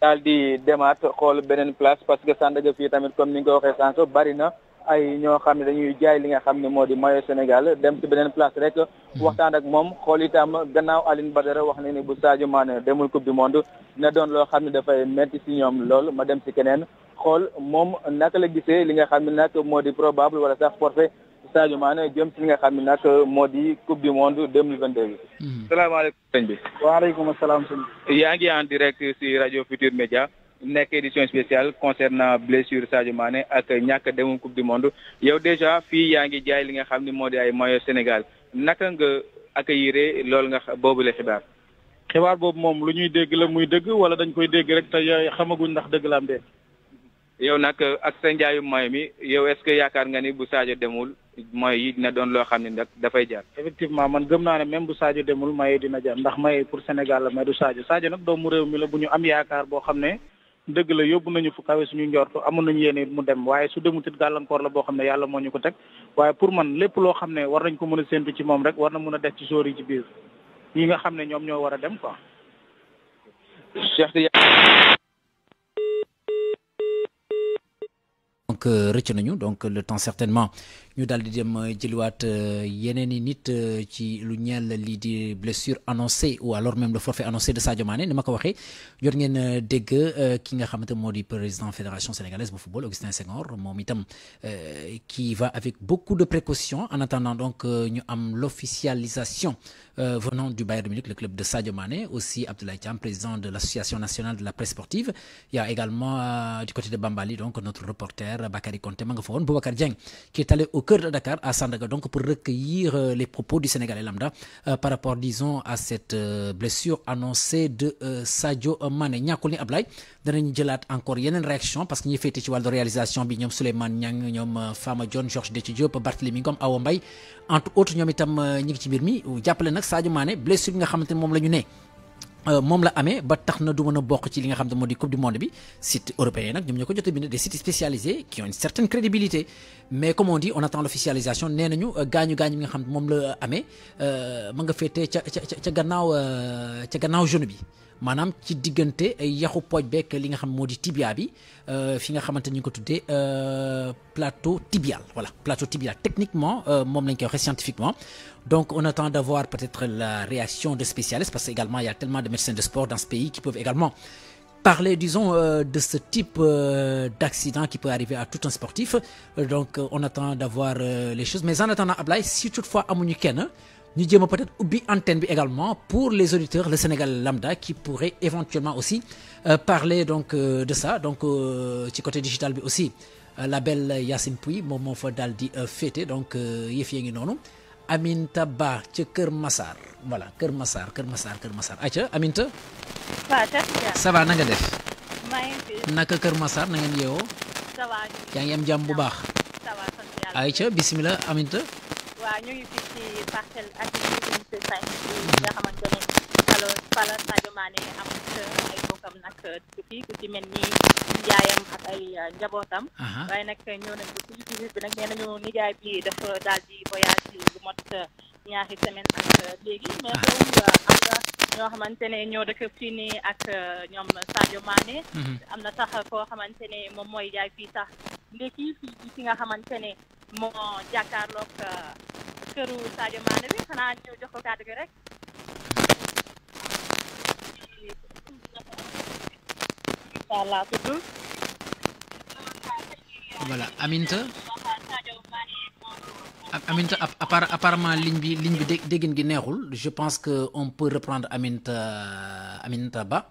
daal di demaat xool beneen place parce que Sandaga fii tamit comme ni nga ko waxee sànq bari na ay ñoo xam ne dañuy jaay li nga xam ne moo di maillot Sénégal dem ci beneen place rek mhm. waxtaan ak moom xool itam gannaaw Aline Badara wax na ni bu Sadio Mané demul coupe du monde dina doon loo xam ne dafay metti si ñoom lool ma dem si keneen xool moom naka la gisee li nga xam ne nag moo di probable wala sax forfait Sadio Mané jëm si li nga xam ne nag moo di coupe du monde deux mille vingt deux bi. Mhm. salaamaaleykum sëñ bi. waaleykum salaam sëñ bi. yaa ngi en direct si rajo Futur Média. nek édition spéciale concernant blessure Sadio Mané ak ñak demum coupe du monde yow déjà fi yaangi jaay li nga xamni modi ay maillot Sénégal naka nga accueillir lool nga bobu la xibaar. xibaar bobu mom lu ñuy dégg la muy dégg wala dañ koy dégg rek tay xamaguñ ndax dégg la am dé yow nak ak sa njaayu maillot mi yow est-ce que yaakar nga ni bu Sadio demul moy yi dina doon lo xamni nak da fay jaar. effectivement man gëm na né même bu Sadio demul maillot dina jaar ndax maillot pour Sénégal la du Sadio Sadio nak do mu rew mi la bu ñu am yaakar bo xamné dëgg la yóbbu nañu fu kawe suñu njortu amoon nañu yéene mu dem waaye su demut gàllankoor la boo xam ne yàlla moo ñu ko teg waaye pour man lépp loo xam ne war nañ ko mën a séntu ci moom rek war na mun a def ci sóor yi ci biir ñi nga xam ne ñoom ñoo war a dem quoi. Cheikh donc euh, rëcc nous donc le temps certainement ñu daal di dem il y a nit euh, ci lu ñeel li di blessure annoncée ou alors même le forfait annoncé de Sadio Mané nima ko waxé jot ngeen euh, dégg ki nga xamanté modi président fédération sénégalaise de football Augustin Senghor mom itam qui va avec beaucoup de précautions en attendant donc ñu am l'officialisation venant du Bayern Munich le club de Sadio Mané aussi Abdoulaye Thiam président de l'association nationale de la presse sportive il y a également du côté de Bambali donc notre reporter Djara Bakary Konté ma nga fa won Boubacar Dieng qui est allé au cœur de Dakar à Sandaga donc pour recueillir euh, les propos du Sénégalais lambda euh, par rapport disons à cette euh, blessure annoncée de Sadio Mané ñàkkul ni Ablaye danañ jëlat encore yenen réaction parce que ñi fété ci wàllu réalisation bi ñom Souleymane Niang ñoom Fama Dione Georges Déthié Diop Barthélémy Ngom Awa Mbaye entre autres ñom itam ñi ci bir mi jàppale nak Sadio Mané blessure nga xamante ne lañu né euh, mom la amé ba taxna du mën bok ci li nga xamne modi coupe du monde bi site européen nak ñoom ñoo jotté jot bind des sites spécialisés qui ont une certaine crédibilité mais comme on dit on attend l'officialisation nee nañu gañu euh, gaañu bi nga xamne mom moom la amee euh, ma nga fété ca ca ca gannaaw ca gannaaw genou bi manam ci diggante yaxu pooj beek li nga xamne modi tibia bi fi nga xamante ñu ko tuddé euh plateau tibial voilà plateau tibial techniquement mom lañ koy scientifiquement donc on attend d'avoir peut-être la réaction des spécialistes parce qu'également il y a tellement de médecins de sport dans ce pays qui peuvent également parler, disons, euh, de ce type euh, d'accident qui peut arriver à tout un sportif. Euh, donc on attend d'avoir les choses. Mais en attendant, si toutefois à week-end, nous disons peut-être Ubi antenne également pour les auditeurs, le Sénégal lambda, qui pourraient éventuellement aussi parler de ça. Donc du côté digital aussi, la belle Yacine Pui, moment faut d'aldi fêté. Donc, il y Aminta Ba ci Kër Massar voilà Kër Massar Kër Massar Kër Massar aca Aminta waaw ça va na nga def may nak Kër Massar na ngeen va ya ngi am jam bu baax ça va aca bismillah Aminta wa ñu ngi fi ci parcel ak unité 5 bi nga xamantene alors falo fala Sadio Mané am ay njabootam nag euh, fii ku ci mel ni nijaayam ak euh, njabootam waaye nag ñoo nañ ko fii ci biir bi nag nee nañu nijaay bi dafa daal di voyage lu mot euh, ñaari semaine ak léegi mais xew ñoo xamante ne ñoo dëkk fii nii ak ñoom Sadio Mané mhm. am na tax koo xamante ne moom mooy jaay fii sax ndekki fii ci nga xamante ne moo jàkkaarloog këru Sadio Mané bi xanaa ñu jox ko kàddu gi rek voilà aminte aminte apparemment ligne bi ligne bi déggin gi neexul je pense que on peut reprendre aminte aminte Ba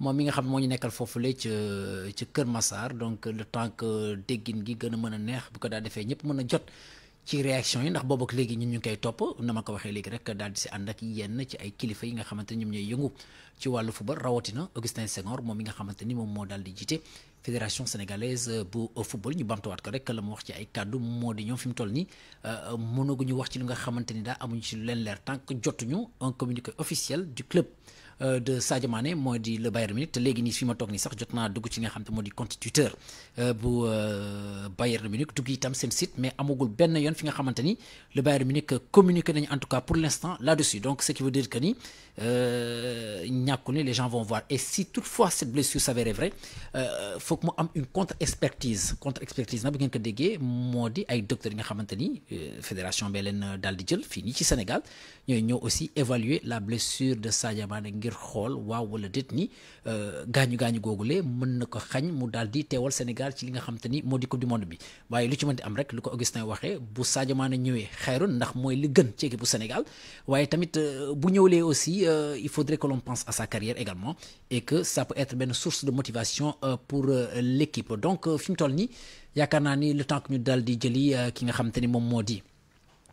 moi mi nga xam moo ñu nekkal foofule ca ca Massar donc le temps que déggin gi gën a mën a neex bu ko daa defee ñëpp mën jot ci réaction yi ndax boobu ak léegi ñun ñu ngi koy topp na ma ko waxee léegi rek daal di si ànd ak yenn ci ay kilifa yi nga xamante ni ñoom ñooy yëngu ci wàllu football rawatina Augustin Senghor moom mi nga xamante ni moom moo daal di jiite fédération sénégalaise bu football ñu bamtuwaat ko rek la mu wax ci ay kàddu moo di ñoom fi mu toll nii euh, mënaguñu wax ci li nga xamante ni daa amuñu ci lu leen leer tant que jotuñu un communiqué officiel du club. Euh, de Sadio Mané moi dit le Bayern Munich légui ni nii fi ma toog nii sax jotna naa dugg ci nga xam modi constituteur di compte euh, bu euh, Bayern Munich dugg itam sen site mais amagul ben yon fi nga xamante le Bayern Munich communiquer nañu en tout cas pour l'instant là-dessus donc ce qui veut dire que ni ñàkkul ni les gens vont voir et si toutefois cette blessure s'avère vraie faut que moi am une contre-expertise contre-expertise na bu ngeen ko déggé modi ay docteur nga pas fédération bee dal di jël fini ci Sénégal ñoy ñëw aussi évaluer la blessure de Sadio Mané ngir waaw wala dit ni euh, gañu coupe du monde bi waye lu ci mënti am rek lu Augustin bu li gën Sénégal waye tamit euh, bu aussi euh, il faudrait que l'on pense à sa carrière également et que ça peut être une source de motivation pour l'équipe donc fim le temps que ñu jëli ki nga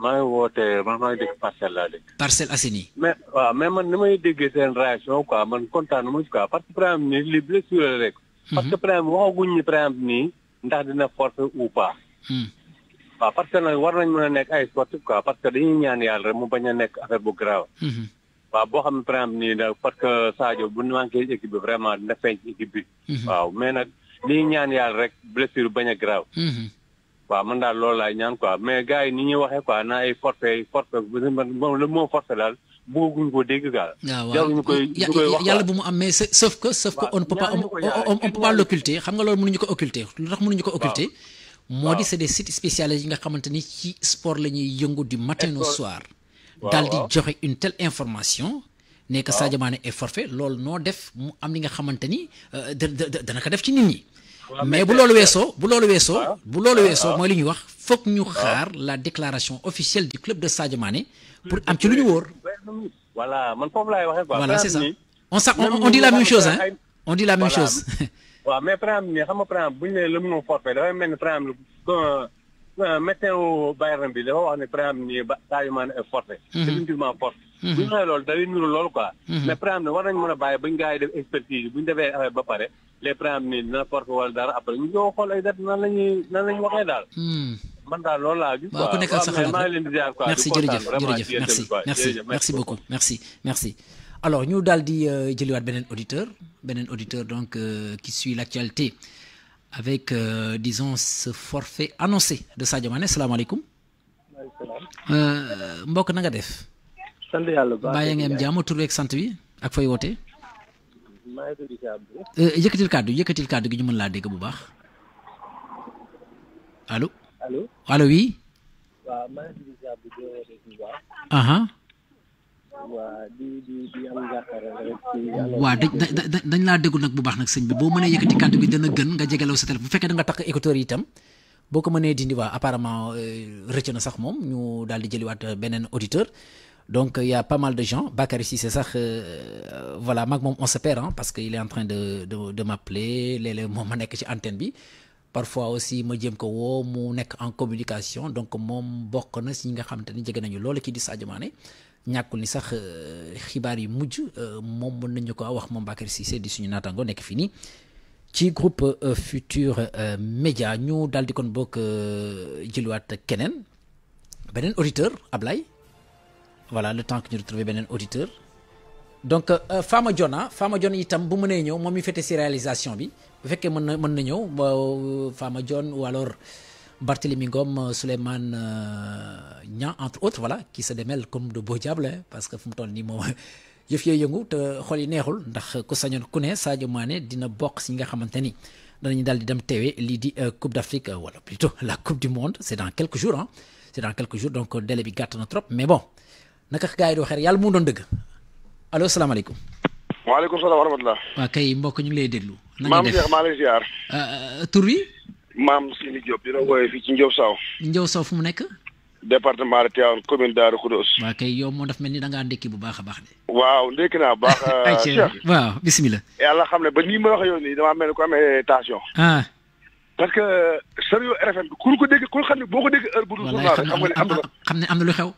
maa ngi woote man maa ngi dégg Parcelles laa dégg. Parcelles Assainies. mais waaw mais man ni may déggee seen réaction quoi man kontaan na ma si quoi par exemple nii li blessure la rek. Mhm. parce que par exemple waxaguñ ni nii ndax dina forfait ou pas. Mhm. waaw parce que nag war nañ mën a nekk ay sportif quoi parce que dañuy ñaan yàll rek mu bañ a nekk affaire bu graaw mhm. waaw boo xam ne par nii nag parce que Sadio bu manqué équipe vraiment dina feeñ équipe bi. waaw mais nag li ñaan yàlla rek blessure bañ waaw man daal loolu laay ñaan quoi mais gars yi ni ñuy waxee quoi naa ay forfait forfait le mot forfait daal bëgguñu ko dégg gaal. Ah, waaw ñu koy ñu koy wax yàlla bu mu am mais sauf que sauf que on ne peut pas on ne peut pas l'occulter xam nga loolu mënuñu ko occulter lu tax mënuñu ko occulter. moo di c'est des sites spécialisés yi nga xamante ni ci sport la ñuy yëngu du matin au soir. daal di joxe une telle information. nekk Sadio Mané est forfait loolu noo def mu am li nga xamante ni euh, da da dana ko def ci nit ñi mais bu le wesso bu le wesso bu ah, ah. Ah. la déclaration officielle du club de Sadio Mané pour am ci voilà c'est ça on dit la même chose hein on dit la même chose mais le Mm-hmm. bu ñu nee loolu dafay nuru loolu quoi. mais mm-hmm. préam ne war nañ mën a bàyyi buñ gars yi def expertise buñ defee affaire ba pare les préam ni dina porte wala dara après ñu ñoo xool ay date nan la ñuy nan la ñuy waxee daal. man daal loolu laa gis. waaw ku nekkal sa xalaat merci jërëjëf jërëjëf merci merci merci beaucoup merci merci. alors ñu daal di euh, jëliwaat beneen auditeur beneen auditeur donc euh, qui suit l'actualité avec euh, disons ce forfait annoncé de Sadio Mané salaamaaleykum. Euh, mbokk na nga def. sant yàlla bu baax bàyyi ngeen jàmm tur sant wi ak fooy wootee. Euh, yëkkatil kàddu yëkkatil kàddu gi ñu mën laa dégg bu baax allo. allo allo oui. waaw maa ngi tudd waa di di dañ dañ dañ laa déggul nag bu baax nag sëñ bi boo mënee yëkkati kàddu gi dana gën nga jegelaw sa téléphone bu fekkee da nga takk écouteur yi itam boo ko mënee dindi waa apparemment euh, rëcc na sax moom ñu daal di jëliwaat euh, beneen auditeur Donc il y a pas mal de gens. Bakary c'est ça. Euh, voilà, on se perd hein, parce qu'il est en train de, de, de m'appeler. Les moment que j'ai parfois aussi ma me ko wo mu en communication donc ne bokk na si nga nañu di Sadio Mané Ñakul ni sax euh, xibar yi mujj euh, mën wax Bakary Cissé di suñu natango nek fini. ci groupe Futur Média ñu daldi kon auditeur voilà le temps que ñu bien un auditeur donc euh, euh, Fama Diona Fama Diona itam bu mënee ñëw moom mi féete ses réalisation bi bu fekkee mën na ñëw euh, Fama Dione ou alors Barthélémy Ngom Souleymane Niang entre autres voilà qui se démêle comme de beaux diables hein, parce que fu mu toll nii moom yëf te xol yi neexul ndax ku sañoon ku ne Sadio Mané dina bokk si nga xamante ni danañu daal di dem teewee di Coupe d'Afrique wala plutôt la Coupe du Monde c'est dans quelques jours hein c'est dans quelques jours donc délai bi gàtt na trop mais bon. naka gaa yi di waxee yàlla mu doon dëgg allo salaamaaleykum. waaleykum salaam wa rahmatulah. waa kay mbokk ñu ngi lay déglu. na nga def maam Cheikh maa lay ziar. Ah, ah, tur wi. maam la wooyee fii ci Ndiob Sow. Ndiob Sow fu mu nekk. département de Tivaouane commune Darou Khoudoss. waa kay yow moo daf mel ni da ngaa bu baax a baax de. waaw ndékki naa baax. Euh, ayca waaw bisimilah. yàlla xam ne ba nii ma wax yow nii damaa mel ni ko amee tension. ah. parce que euh, sérieux RFM ne boo ko dégg heure xam ne am na lu xew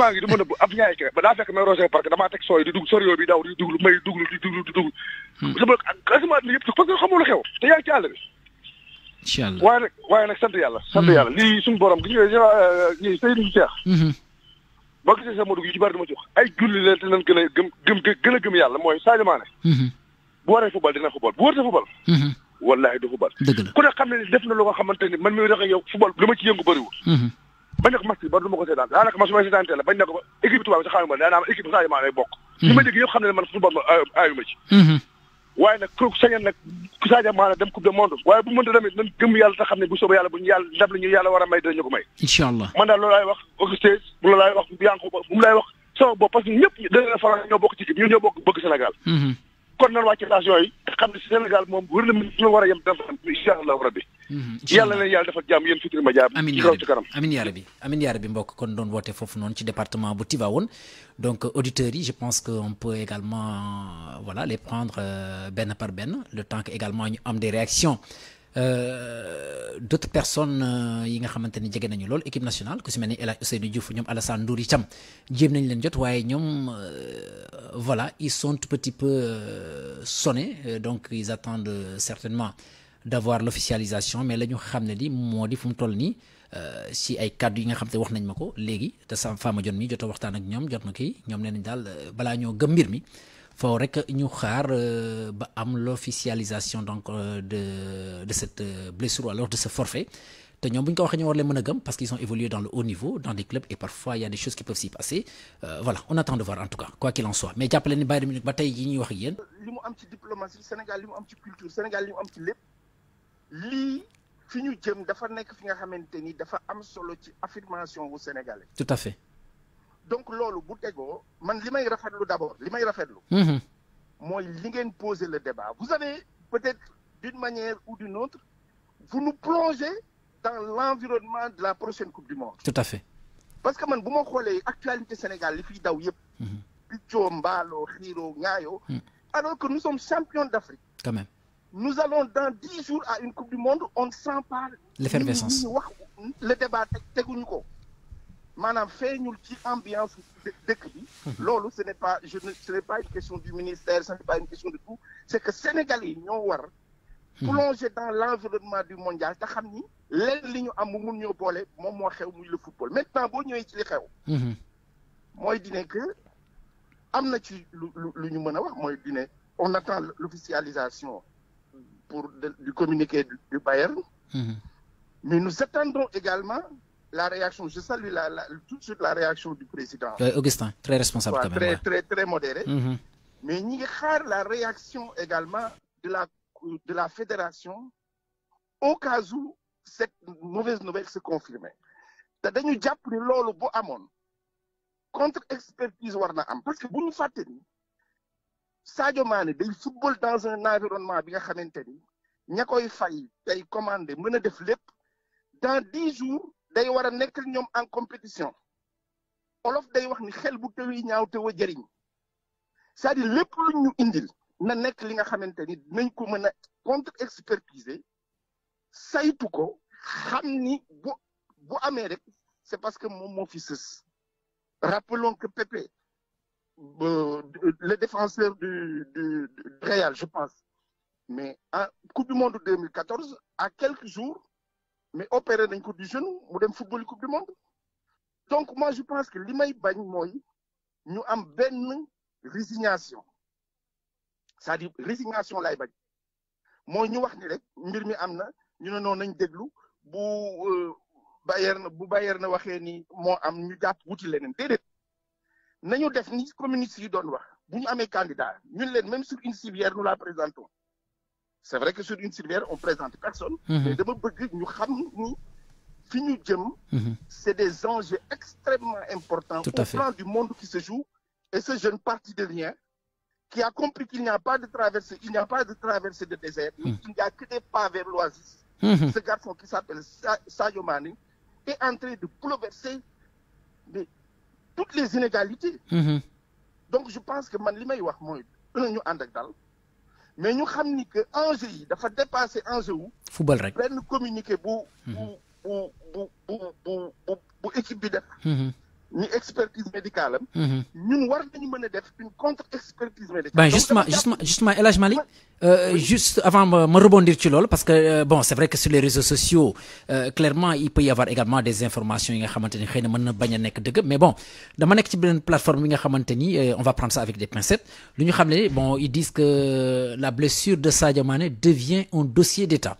maa ngi du ma nëbb ab ñaay kay ba daa fekk may roger parce que damaa teg sooy di dugg sorio bi daw di duglu may duglu di duglu di duglu hmm. sama asimat li yëpp tu parce que xamul xew te yaa ngi ci àll bi incha allah waaye nag waaye nag sant yàlla sant yàlla hmm. lii suñu borom gi ñëwee ñi sëy niñu seex boo gisee sama dugg yu ci bari dama ci wax ay julli leen te nañ gën a gëm gëm a gëm yàlla mooy Sadio Mané hmm. bu waree football dina football bu waree football wallahi du football ku ne xam ne def na lu nga xamante ni man mi rek yow football li ma ci yëngu bëriwul bañ na ko match bi ba du ma ko seetaan daanaka match bi ma seetaan teel la bañ na ko équipe tubaab bi sax xaaruma daa naa am équipe sax maa lay bokk li ma dégg yëpp xam ne man football ma aayuma ci waaye nag ku sañal nag ku Sadio Mané dem coupe du monde waaye bu mënta tamit nañ gëm yàlla te xam ne bu soobee yàlla bu ñu yàlla ndab la ñu yàlla war a may dinañu ko may incha allah man daal loolu laay wax Augustin bu loolu laay wax Yankuba bu mu laay wax sama bopp parce que ñëpp dana faral ñoo bokk ci équipe ñun ñoo bokk bëgg Sénégal kon nan wàcc station yi xam ne Sénégal moom wër na mi la war a yem dafa inshallah allahu rabbi mhm, yalla na yalla defal jàmm yéen Futurs Médias amin raw ci amin ya rabbi amin ya rabbi mbok kon doon woote foofu non ci département bu Tivaouane donc euh, auditeur yi je pense que on peut également euh, voilà les prendre ben par ben le temps que également ñu am des réactions euh, d'autres personnes euh, yi nga xamanteni ni nañu lool équipe nationale ku si mel ni Ousseynou Diouf ñom Alassane Ndour yi tam jéem nañ leen jot waye ñom euh, voilà ils sont un petit peu sonnés donc ils attendent certainement d'avoir l'officialisation mais lañu xamné li modi di fu mu toll ni si ay kàddu yi nga xam wax nañ mako légui léegi te sama Fama jonne mi jot a waxtaan ak ñom jot na kii ñoom nee nañ ñoo gëm mbir mi faut rek ñu xaar euh, ba am l'officialisation donc euh, de de cette euh, blessure ou alors de ce forfait té ñom buñ ko waxee ñu war leen gëm parce qu'ils ont évolué dans le haut niveau dans des clubs et parfois il y a des choses qui peuvent s'y passer voilà on attend de voir en tout cas quoi qu'il en soit mais jappalé ni Bayern Munich ba tay yi ñi wax yeen limu am ci diplomatie Sénégal limu am ci culture Sénégal limu am ci lépp li fi ñu jëm dafa nekk fi nga xamanteni dafa am solo ci affirmation wu sénégalais. tout à fait donc loolu bu tegoo man li may rafetlu d' abord li may mhm. li ngeen poser le débat vous avez peut-être d'une manière ou d'une autre vous nous plongez dans l'environnement de la prochaine coupe du monde. tout à fait. parce que man bu ma actualité Sénégal li filles daw yëpp. Mhm. Mbalo, mbaaloo Xiro mhm. alors que nous sommes champions d'Afrique. quand même. nous allons dans dix jours à une coupe du monde on ne sent pas. l'effervescence débat le débat teguñu ko manam feeñul ci ambiance de bi mhm. ce n'est pas je ne ce n'est pas une question du ministère ce n'est pas une question de tout c'est que Sénégalais, ñoo war mhm. plonger dans l'environnement du mondial ta xam ni Lignes, li ñu am mu mun ñoo ont moom xew muy le football maintenant bo ñëw ci li xew mhm. mooy dine que amna ci lu lu ñu mëna on attend l'officialisation pour du communiqué du Bayern mais nous attendons également la réaction, je salue la, tout de suite la réaction du président. Euh, Augustin, très responsable Très, très, très modéré. Mhm. Mais -hmm. Mais la réaction également de la, de la fédération au cas où cette mauvaise nouvelle se confirmait. C'est-à-dire dañu jàpp ni loolu bu amoon contre expertise war na am parce que bu ñu ça Sadio Mané le football dans un environnement bien nga xamante ni ña koy fay tey commandé mën def dans dix jours day wara a nekk en compétition olof day wax ni xel bu teuy ñaaw te wa c'est-à-dire lepp lu ñu indil na nek li nga xamanteni ni ko mëna contre expertiser saytu ko xam ni bu bu amé rek c'est parce que mon mo fi rappelons que Pepe euh, le défenseur du du du Real je pense mais en Coupe du Monde 2014 à quelques jours mais opéré d'un coup du genou football coupe du monde donc moi je pense que ce may moi, résignation c'est-à-dire résignation là bañ Moi, nous avons ni rek mbir nous ne nous euh, Bayern bu Bayern na ni am ñu nous nañu def ni yi doon wax candidat même sur une civière nous la présentons c'est vrai que sur une civière on présente personne. Mhm. mais de bëgg ñu xam ni nous mhm. c'est des enjeux extrêmement importants. au plan du monde qui se joue. et ce jeune parti de rien qui a compris qu'il n'y a pas de traversée il n'y a pas de traversée de désert. mais mhm. il n'y a que des pas vers l'oasis. ce garçon qui s'appelle Sayomani est en train de bouleverser toutes les inégalités. donc je pense que man wax mais nous savons que enjeu dafa dépasser enjeu football rek communiquer pour mhm. bu. bu bu bu bu ni expertise médicale Nous mhm. ñun war nañu une contre expertise médicale. justement justement justement El Hadj Malick euh, juste avant de me rebondir ci l'ol parce que euh, bon c'est vrai que sur les réseaux sociaux euh, clairement il peut y avoir également des informations yi nga mais bon dans une ci plateforme yi nga on va prendre ça avec des pincettes lu ñu bon ils disent que la blessure de Sadio Mané devient un dossier d'État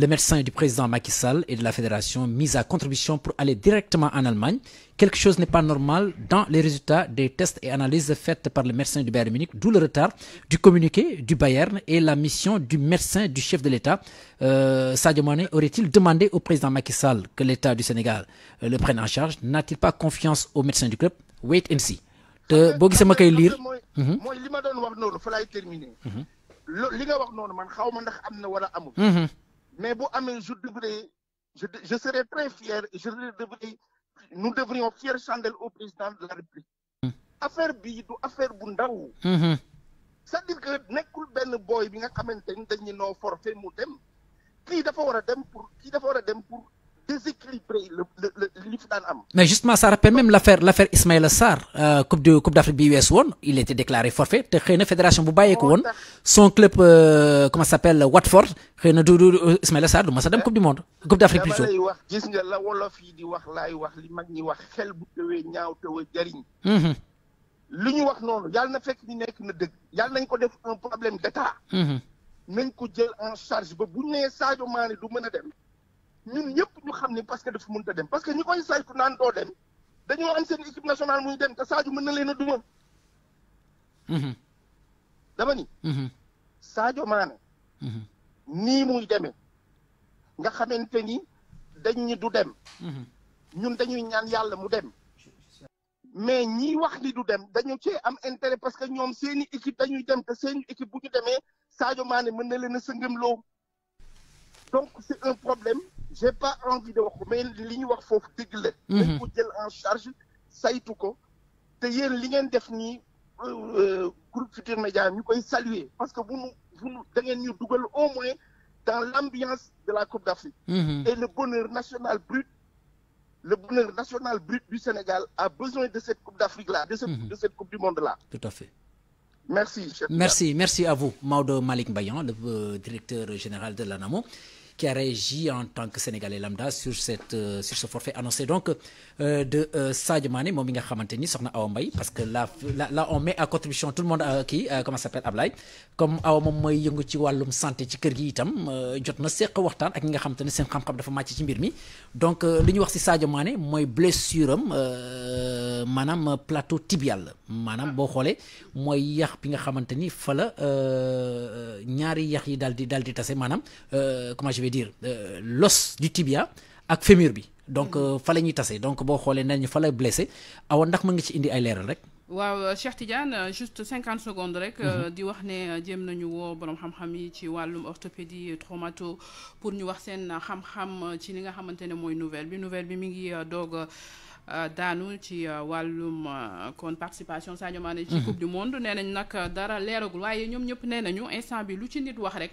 le médecin du président Macky Sall et de la fédération mis à contribution pour aller directement en Allemagne. Quelque chose n'est pas normal dans les résultats des tests et analyses faites par le médecin du Bayern Munich, d'où le retard du communiqué du Bayern et la mission du médecin du chef de l'État. Euh, Sadio Mane aurait-il demandé au président Macky Sall que l'État du Sénégal euh, le prenne en charge N'a-t-il pas confiance au médecin du club Wait and see. te terminer. Mhm mais bon, amen. je devrais je serais très fier je devrais nous devrions fier chandelle au président de la République. Hmm. affaire Bidou, affaire Bundaou. Hmm. c'est-à-dire que nous ben boy, bi nga xamante ni dañu forfait mu dem kii dafa war a dem pour pour déséquilibré le li am. mais justement ça rappelle même l'affaire l'affaire Ismaïla Sarr euh, coupe de coupe d'Afrique bi weesu il était déclaré forfait te xëy fédération bu bàyyeeku woon son club euh, comment s'appelle Watford xëy na du du Ismaïla Sarr du ma sa dem eh, coupe du monde coupe d'Afrique plutôt. dama lay wax gis nga la wolof yi di wax laay wax li mag ñi wax xel bu tëwee ñaaw tëwee jariñ. Mm-hmm. li ñu wax noonu yal na fekk ni nek na dëgg yal nañ ko def un problème d'état. Mm-hmm. nañ ko jël en charge ba bu ñu nee Sadio Mané du mën dem. ñun ñëpp ñu xam ni parce que dafa mënta dem parce que ñi koy saytu naan doo dem dañoo am seen équipe nationale muy dem te Sadio mën na leen a duma. Mhm. dama ni. Mhm. Sadio Mané. Mhm. nii muy demee nga xamante ni dañ ñi du dem. ñun dañuy ñaan yàlla mu dem. mais ñi wax ni du dem dañu ci am intérêt parce que ñoom seen équipe dañuy dem te seen équipe bu ñu demee Sadio Mané mën na leen a sëngëm loo donc c'est un problème n'ai pas envie de remettre une mais li ñu wax fofu dëgg la. Mhm. en charge saytu ko te yéen li ngeen def euh, euh, groupe Futur Média nous saluer parce que vous vous da au moins dans l'ambiance de la Coupe d'Afrique. Mhm. et le bonheur national brut. le bonheur national brut du Sénégal a besoin de cette Coupe d'Afrique là, de cette, mhm. Coupe du Monde là. Tout à fait. Merci. Merci, merci à vous, Maud Malik Bayan, le euh, directeur général de l'ANAMO qui a réagi en tant que Sénégalais lambda sur, cette, euh, sur ce forfait annoncé donc euh, de euh, Sadio Mané moom mi nga xamante parce que là là on met à contribution tout le monde qui euh, comment s'appelle Ablay comme Awa moom mooy yëngu ci walum santé ci kër gi itam jot na seq waxtaan ak à nga xamanteni ni seen xam-xam dafa ci mbir mi donc le ñu wax ci Sadio Mané moy blessure euh, manam plateau tibial manam bo xolé moy yax bi nga xamanteni fa la ñaari yax yi daldi daldi manam euh, comment je vais veut dire euh, l'os du tibia ak fémur bi donc mm. euh, fa la ñuy tase donc bo xolé nañu fa la blessé awa ndax ma nga ci indi ay leeral rek. waaw euh, Cheikh Tidiane juste 50 secondes rek. Mm-hmm. di wax né jéem nañu wo borom xam-xam yi ci walum orthopédie traumato pour ñu wax sen xam-xam ci li nga xamante ne mooy nouvelle bi nouvelle bi mi ngi dog daanu ci wàllum kon participation Sadio Mané. ci mm-hmm. coupe du monde nee nañ nag dara leeragul waaye ñoom ñëpp nee nañu instant bi lu ci nit wax rek.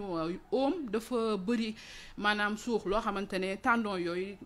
ganglion euh, oom dafa bëri manam suux loo tendon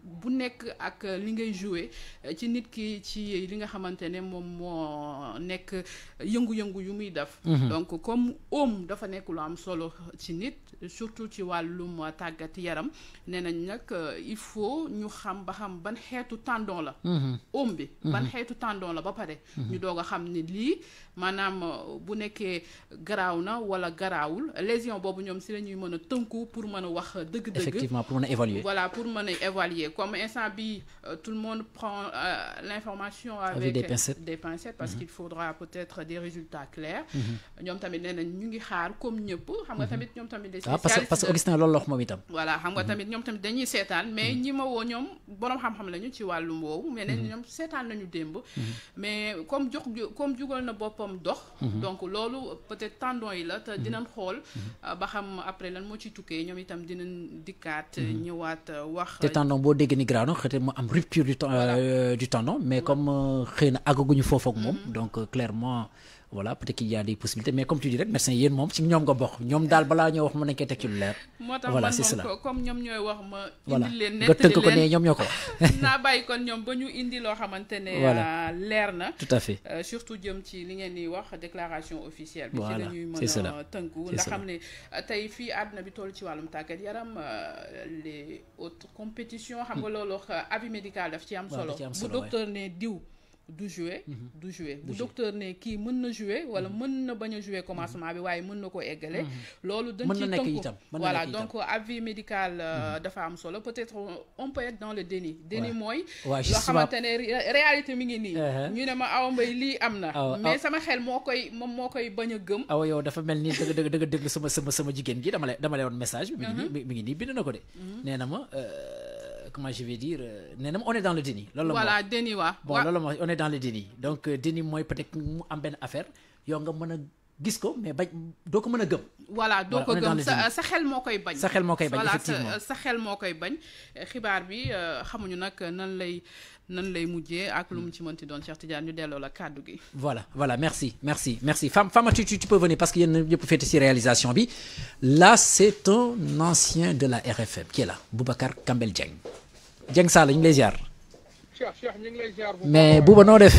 bu nek ak euh, li ngay joué euh, ci nit ki ci li nga xamantene mom mo nek nekk yëngu-yëngu yu mhm. donc comme homme dafa nek lu am solo ci nit surtout ci walum tàggat yaram nenañ nak il faut ñu xam ba xam ban xétu tendon la homme mhm. bi ban mhm. xétu tendon la ba paré ñu doga xam ni li manam euh, bu nekkee garaaw na wala garaawul lésion bobu ñom si lañuy mëna mën tënku pour mëna wax deug deug effectivement pour mëna évaluer. voilà pour mëna évaluer comme instant bi euh, tout le monde prend euh, l'information avec des pincettes des pincettes parce mhm. qu'il faudra peut-être des résultats clairs. Mhm. ñom tamit nee ñu ngi xaar comme ñëpp. xam nga mhm. tamit ñom tamit. des ah, spécialistes parce que Augustin loolu la wax mom itam. voilà xam nga tamit ñom tamit dañuy sétane mais ñi ma woo ñoom borom xam-xam lañu ci wàllum wo mais nee ñoom seetaan nañu demb mais comme jox comme jugal na bopp comme dox. Mhm. donc lolu peut-être tendon yi la te mhm. dinañ xol mhm. euh, ba xam après lan mo ci tuké ñom itam dinañ dikkaat. ñëwaat euh, wax. te tendon bo déggee ni grano xété mo am rupture du euh, du tendon mais comme xëy na àggaguñu foofu ak moom donc clairement voilà peut-être qu'il y a des possibilités mais comme tu dis rek médecin yéen mom ci ñom nga bok ñom dal bala ñu wax mën nañ koy ci lu leer. voilà c'est cela comme ñom ñoy wax ma. indil leen voilà nga tënk ko ne ñoom ñoo ko wax. naa bàyyi kon ñom ba ñu indi lo xamantene ne. voilà ah, leer na. tout à fait euh, surtout jëm ci li ngeen ni wax déclaration officielle. bi ci la mëna mën a tënku ndax xam ne euh, tey fii bi toll ci walum tàggat yaram euh, les autres compétitions. xam nga hmm. lolu avis médical daf ci am solo. bu docteur ne diw. Mhm. du jouer du jouer Le docteur ne qui jouer wala mène mhm. joué jouer commencement bi ko mhm. voilà donc avis médical euh, de am solo peut-être euh, on peut être dans le déni déni réalité uh-huh. ne ma mais ni comment je vais dire euh, nee on est dans le déni. voilà déni wa bon loolu on est dans le déni donc euh, déni mooy peut-être mu am ben affaire yo nga meuna a gis ko mais bañ doo ko meuna gëm. voilà do ko gëm sa sa xel moo koy bañ. sa xel moo koy bañ effectivement euh, sa xel moo koy bañ. xibar bi xamuñu nak nan lay nan lay mujjé ak lu mu ci mënti doon Cheikh Tidiane ñu delloo la kàddu gi. voilà voilà merci merci merci Femme, femme, tu tu peux venir parce que yéen ñëpp féete ci réalisation bi là c'est un ancien de la RFM qui est là Boubacar Kambel Dieng. Jeng Sall ñu lay ziar mais Bouba no def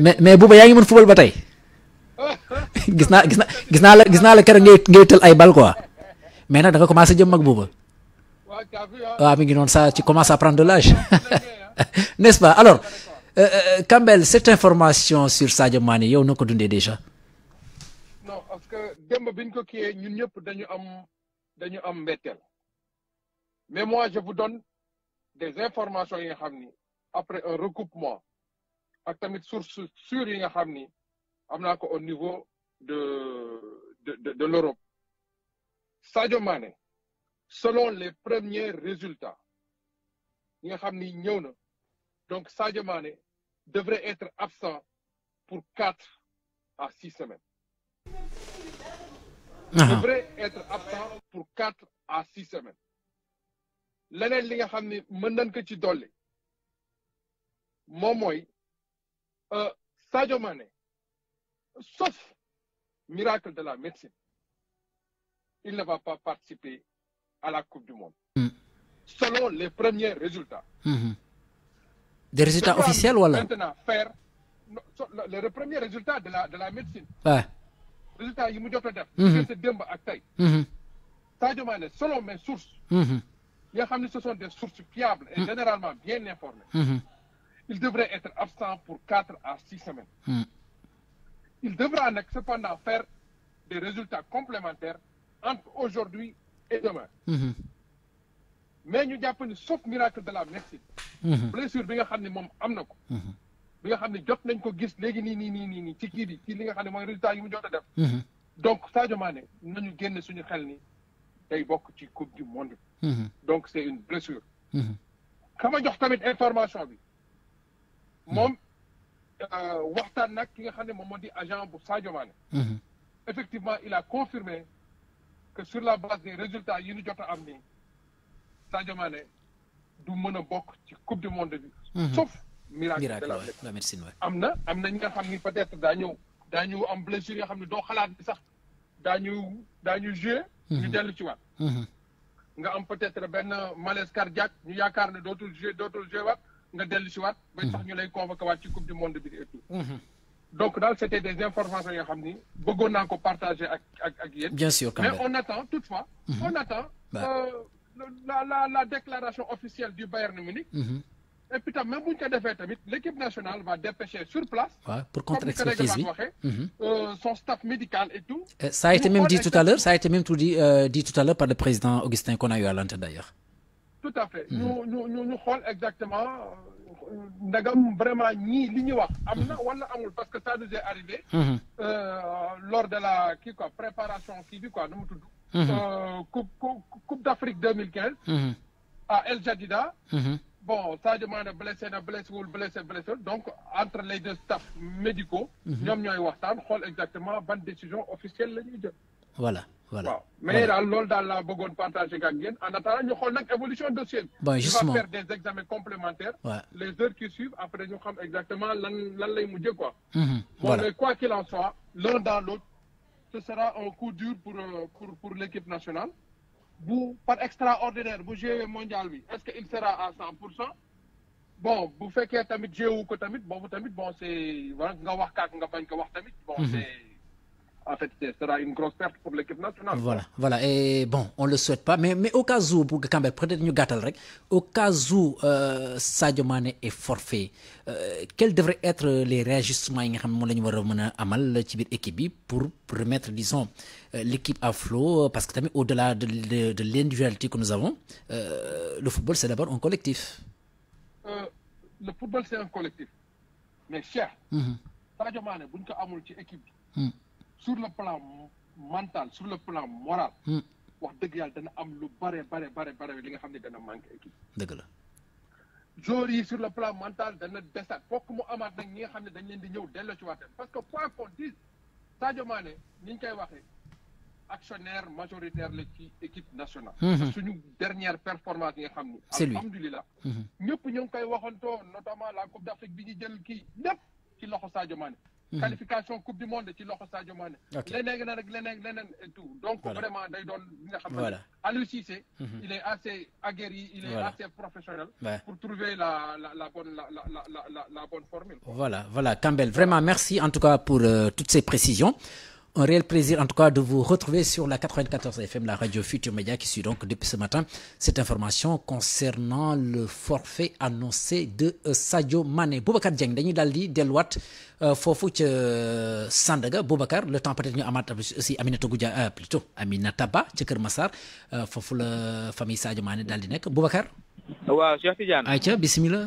mais mais Bouba yaa ngi mën football ba tey gisna gisna Gisna la gisna la keroog ngay ngay tël ay bal quoi mais nak da nga commencé jëm mag Bouba wa ah. mi ngi non ça ci commence à prendre de l'âge n'est-ce pas alors euh, euh, Campbell, cette information sur Sadio Mané yow nako dundé déjà. non parce que demb biñ ko kiiyee ñun ñëpp dañu am dañu am mbetteel. Mais moi, je vous donne des informations après un recoupement avec tamit source sûre au niveau de de l'Europe Sadio Mané selon les premiers résultats yi donc Sadio Mané devrait être absent pour 4 à 6 semaines. Il ah ah. devrait être absent pour 4 à 6 semaines. L'année li nga xam ne mën nañ ko ci dolli moom mooy euh, Sadio Mané sauf miracle de la médecine il ne va pas participer à la Coupe du Monde. Hmm. selon les premiers résultats. Hmm, hmm. des résultats officiels wala. maintenant faire les premiers résultats de la de la médecine. Résultat résultats yi mu jot a def. diggante démb ak Sadio Mané selon mes sources nga ce sont des sources fiables et hmm. généralement bien informées. Ils hmm, hmm. Il devrait être absent pour 4 à 6 semaines. Mmh. Il devra cependant faire des résultats complémentaires entre aujourd'hui et demain. Mais nous avons sauf miracle de la médecine. Blessure, bien que nous avons bi nga xam jot nañ ko gis léegi nii donc Sadio Mané nañu génn suñu xel day bokk ci coupe du monde. Mhm. donc c'est une blessure. Mhm. kama jox tamit information bi. moom euh, waxtaan nag ki nga xam ne moom moo di agent bu Sadio Mané. Mhm. effectivement il a confirmé que sur la base des résultats yi ñu jot a am nii Sadio Mané du mën a bokk ci coupe du monde bi. sauf miracle de la médecine am na am na ñi nga xam ni peut être daa ñëw daa ñu am blessure yoo xam ne doo xalaat bi sax daa ñu daa ñu joué. Mhm. Mhm. peut-être malaise cardiaque mhm. donc c'était des informations mais on attend toutefois on attend bah. euh, la la déclaration officielle du Bayern Munich et puis même nationale va dépêcher sur place. pour contre mhm. euh, son staff médical et tout. ça a été même dit tout à l'heure ça a été même tout dit euh, dit tout à l'heure par le président Augustin nous, nous, tout à fait mhm. Nous nous nous nous Nous exactement euh, vraiment nous nous mhm. ça nous est arrivé. lors de la préparation nous coupe coupe nous nous à El Jadida bon ça demande blessé na blessewul blessé blessé donc entre les deux staffs médicaux. nous mhm. avons waxtaan exactement ban décision officielle la voilà voilà mais là, dans la la partage, partager avons en attendant ñu faire l'évolution évolution dossier bon faire des examens complémentaires. les heures qui suivent après nous avons exactement lan lan lay quoi. Mhm. mais quoi qu'il en soit l'un dans l'autre ce sera un coup dur pour euh, pour pour l'équipe nationale. Vous par extraordinaire vous jouez mondial est-ce qu'il sera à 100% bon que tamit jeu ko tamit vous tamit bon c'est voilà nga wax 4 nga bon mhm. c'est en fait, ce sera une grosse perte pour l'équipe nationale. Voilà, voilà. Et bon, on ne le souhaite pas. Mais, mais au cas où, pour Campbell, peut-être nous au cas où euh, Sadio Mane est forfait, euh, quels devraient être les réajustements que nous faire et l'équipe pour remettre, disons, euh, l'équipe à flot, euh, parce que au-delà de, de, de l'individualité que nous avons, euh, le football, c'est d'abord un collectif. Euh, le football, c'est un collectif. Mais cher, mhm. Sadio Mane, si on équipe, mhm. sur le plan mental, sur le plan moral, mhm. wax dëgg yàlla dana am lu barré, bare bare bare li nga xam ne dana manqué équipe. dëgg la. joueurs sur le plan mental dana desaat fokk mu amaat nag ñi nga xam ne dañ leen di ñëw delloo ci waat parce que quoi qu'on dise Sadio Mané ni ñu koy waxee actionnaire majoritaire de l'équipe nationale. Mhm. C'est une dernière performance C'est lui. Nous pouvons alhamdulilah. Mhm. ñëpp notamment la Coupe d'Afrique Afrique bi qui jël ci mhm. qualification coupe du monde ci loxo Sadio Mané. les et tout. donc vraiment day doon nga il est assez aguerri il est assez professionnel. pour trouver la bonne la bonne formule. voilà voilà Campbell vraiment merci en tout cas pour euh, toutes ces précisions un réel plaisir en tout cas de vous retrouver sur la 94 FM, la radio Futur Media qui suit donc depuis ce matin cette information concernant le forfait annoncé de euh, Sadio Mané. Boubacar Dieng dañuy Daldi, di euh, Fofu euh, Sandaga Boubacar le temps peut-être ñu amaat aussi Aminata Goudia plutôt Aminata Ba ca Massar Fofu la famille Sadio Mané daal nek Bobakar Boubacar. waaw Cheikh Tidiane. bismillah.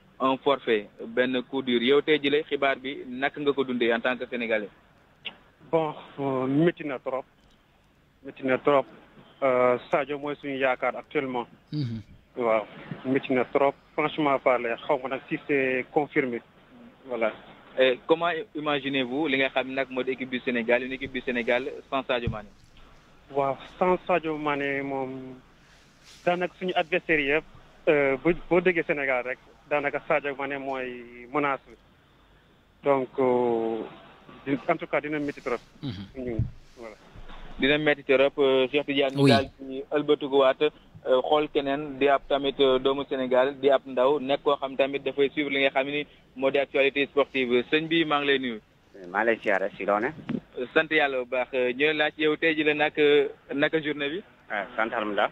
un forfait ben coup dur yow tay jilé xibar bi nak nga ko dundé en tant que sénégalais. bon euh, métti na trop métti na trop euh, Sadio mooy suñu yakar actuellement. Mhm. waaw métti na trop franchement parler xaw ma si c'est confirmé voilà. Et comment imaginez-vous li nga xam nak moo équipe du Sénégal une équipe du Sénégal sans Sadio Mané. waaw sans Sadio Mané mom danak suñu adversaire euh bo déggee Sénégal rek. daanaka Sadio Mané ma ne mooy donc euh, en tout cas dina métti trop. Mhm. ñun voilà. dina métti trop euh, Cheikh Tidiane. oui ñu daal di ëlbatikuwaat euh, xool keneen di ab tamit doomu Sénégal di ab ndaw nekk koo xam tamit dafay suivre li nga xam ni moo di actualité sportive sëñ bi maa ngi lay nuyu. maa ngi lay ziar si sant yàlla bu baax ñu ne laaj yow tey ji la naka journée bi. Ah, sant alhamdulilah.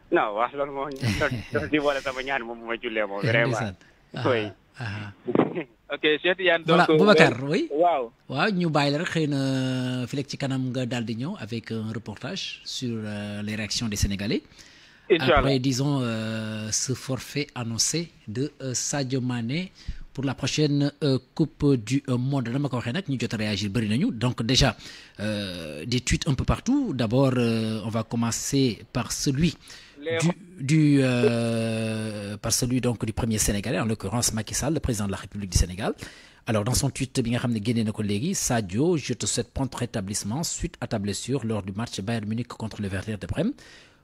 non waaw loolu moom di boole sama ñaan moom bu ma jullee moom vraiment oui ok c'est Tidiane donc voilà Boubacar oui waaw waaw ñu bàyyi la rek xëy na ci kanam nga ñëw avec un reportage sur euh, les réactions des Sénégalais après disons euh, ce forfait annoncé de euh, Sadio Mané pour la prochaine euh, Coupe du euh, Monde. Je vais réagir Donc déjà, euh, des tweets un peu partout. D'abord, on va commencer par celui du, euh, par celui donc du premier Sénégalais, en l'occurrence Macky Sall, le président de la République du Sénégal. Alors, dans son tweet, bien Sadio, je te souhaite prendre rétablissement suite à ta blessure lors du match Bayern Munich contre le Werder de Brême.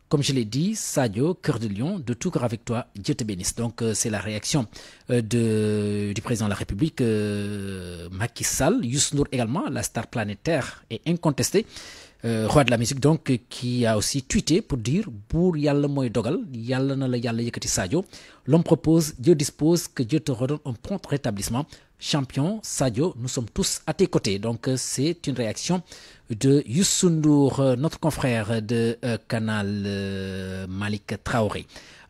Comme je l'ai dit, Sadio, cœur de lion, de tout cœur avec toi, Dieu te bénisse. Donc, euh, c'est la réaction euh, de, du président de la République, Macky Sall. Yusnour également, la star planétaire est incontestée. Euh, roi de la musique donc qui a aussi tweeté pour dire pour yalla moy dogal yalla na Sadio l'homme propose Dieu dispose que Dieu te redonne un prompt rétablissement champion Sadio nous sommes tous à tes côtés donc euh, c'est une réaction de Youssou Ndour euh, notre confrère de Canal Malik Traoré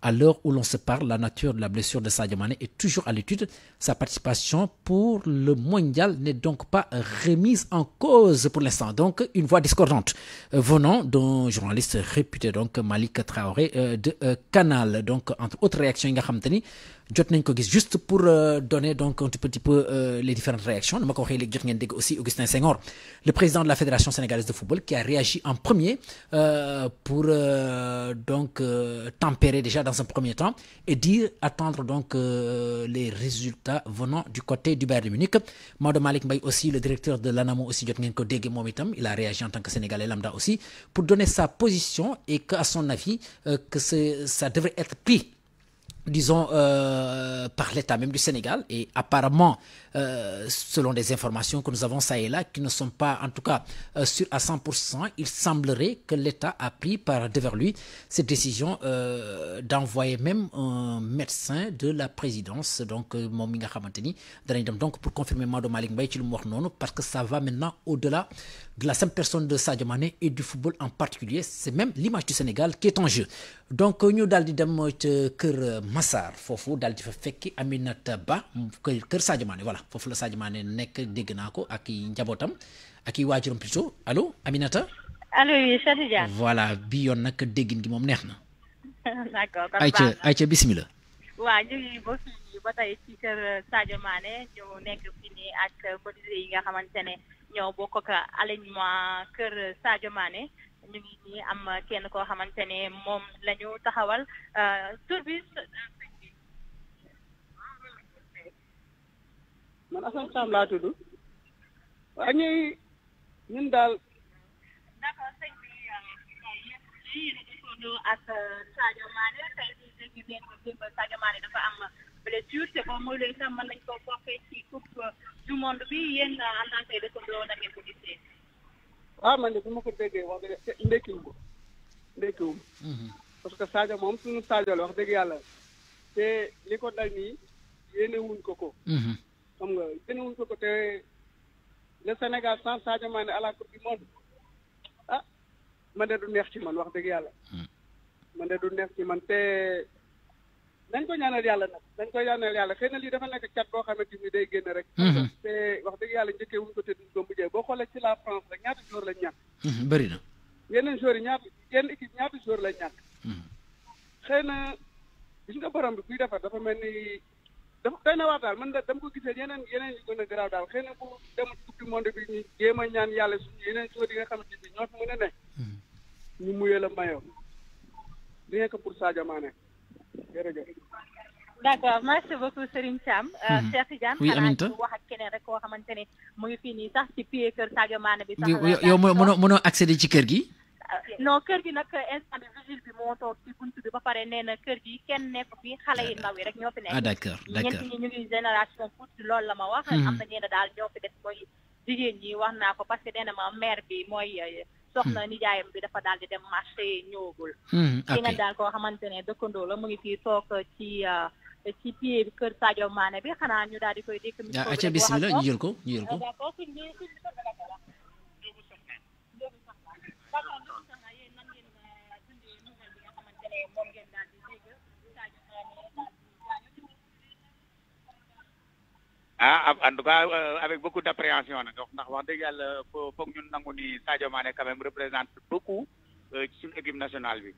à l'heure où l'on se parle, la nature de la blessure de Sadio Mané est toujours à l'étude. Sa participation pour le mondial n'est donc pas remise en cause pour l'instant. Donc, une voix discordante euh, venant d'un journaliste réputé, donc Malik Traoré, euh, de euh, Canal. Donc, entre autres réactions, juste pour euh, donner donc un petit peu euh, les différentes réactions aussi Augustin Senghor le président de la fédération sénégalaise de football qui a réagi en premier euh, pour donc tempérer déjà dans un premier temps et dire attendre donc les résultats venant du côté du Bayern de Munich Malick Mbaye aussi le directeur de l'ANAMO aussi il a réagi en tant que sénégalais lambda aussi pour donner sa position et qu'à son avis que ça devrait être pris disons, euh, par l'État même du Sénégal. Et apparemment, euh, selon des informations que nous avons ça et là, qui ne sont pas en tout cas euh, sûres à 100%, il semblerait que l'État a pris par devers lui cette décision d'envoyer même un médecin de la présidence, donc Mominga donc pour confirmer Mado Malik parce que ça va maintenant au-delà de la simple personne de Sadio Mané et du football en particulier c'est même l'image du Sénégal qui est en jeu donc ñu daal di dem ca kër euh, Massar foofu daal di fa fekki Aminata Ba kër Sadio Mané voilà foofu la Sadio Mané Nek, dégg naa ko ak i njabootam ak i plutôt allo Aminata. Allô, oui Sadio voilà bi yoon nag déggin gi moom neex d'accord kon ayca Bismillah. bisimilah. waaw ñu ngi ba fii ci Sadio Mané ñu nekk fii nii ak cotisé yi nga xamante ñoo bokk ak alignement kër Sadio Mané ñu ngi nii am kenn koo xamante ne moom la taxawal euh, tur bi. man Assane Sam laa tudd. waaye ñuy ñun daal. Euh, ak Sadio Mané tey jii dafa am. blessure ya, c'est ah, mhm. pas moi le itam man nañ ko waxee ci coupe du monde bi yéen en de ko do na ngeen ko gisee ah man de bu ma ko déggee wax dëgg ndekkiwu ko hmm parce que Sadio mom suñu Sadio la wax dëgg yalla té liko dal ni yéné wuñ ko ko hmm xam nga yéné wuñ ko ko té le Sénégal sans Sadio Mané ala coupe du monde ah man de du neex ci man wax dëgg hmm man de du neex ci man té nañ ko ñaanal yàlla nag dañ ko ñaanal yàlla xëy na lii dafa nekk cat boo xamante ni day génn rek te mhm. wax dëgg yàlla njëkkee wuñ ko te duñ ko mujjee boo xoolee ci la France rek ñaata jour lañ ñàkk mhm, bëri na yeneen jour yi ñaata yenn équipe ñaata jour lañ ñàkk mhm. xëy na gis nga borom bi kuy defar dafa mel ni dafa doy na waar daal man dama ko gisee yeneen yeneen yu gën a garaaw daal xëy na bu dem coupe du monde bi ñu jéem a ñaan yàlla suñu yeneen jour yi nga xamante ni ñoo fi mën a ne ñu muyee la mayoo rien que pour Sadio Mané jërëjëf. d' accord merci beaucoup Serigne Thiam. Euh, hmm. Cheikh Tidiane xanaa ñu wax ak keneen rek koo xamante ne moo ngi fii nii sax ci pied kër Sadio Mané bi. sax yow mënoo mënoo accéder ci kër gi. Euh, non kër gi nag instant bi moo toog ci buntu bi ba pare nee na kër gi kenn nekk fi xale yi ndaw yi rek ñoo fi nekk. ah d' ñi ñu ngi génération foot loolu la ma wax. Hmm. am na ñenn daal ñoo fi def mooy jigéen ñi wax naa ko parce que nee na ma mère bi mooy. Euh, soxna hmm. nijaayam bi dafa daal di dem marché ñëwagul hmm, ki nga daal koo xamante ne dëkkandoo la mu ngi fii toog ci uh, ci pied kër Sadio Mané bi xanaa ñu daal di koy dégg. micro bi ah, bismillah ñu jël ko ñu jël ko ah, ah en tout cas euh, avec beaucoup d'appréhension nag ndax wax dëgg yàlla foog ñu nangu ni Sadio maane quand même représente beaucoup euh, ci suñu équipe nationale bi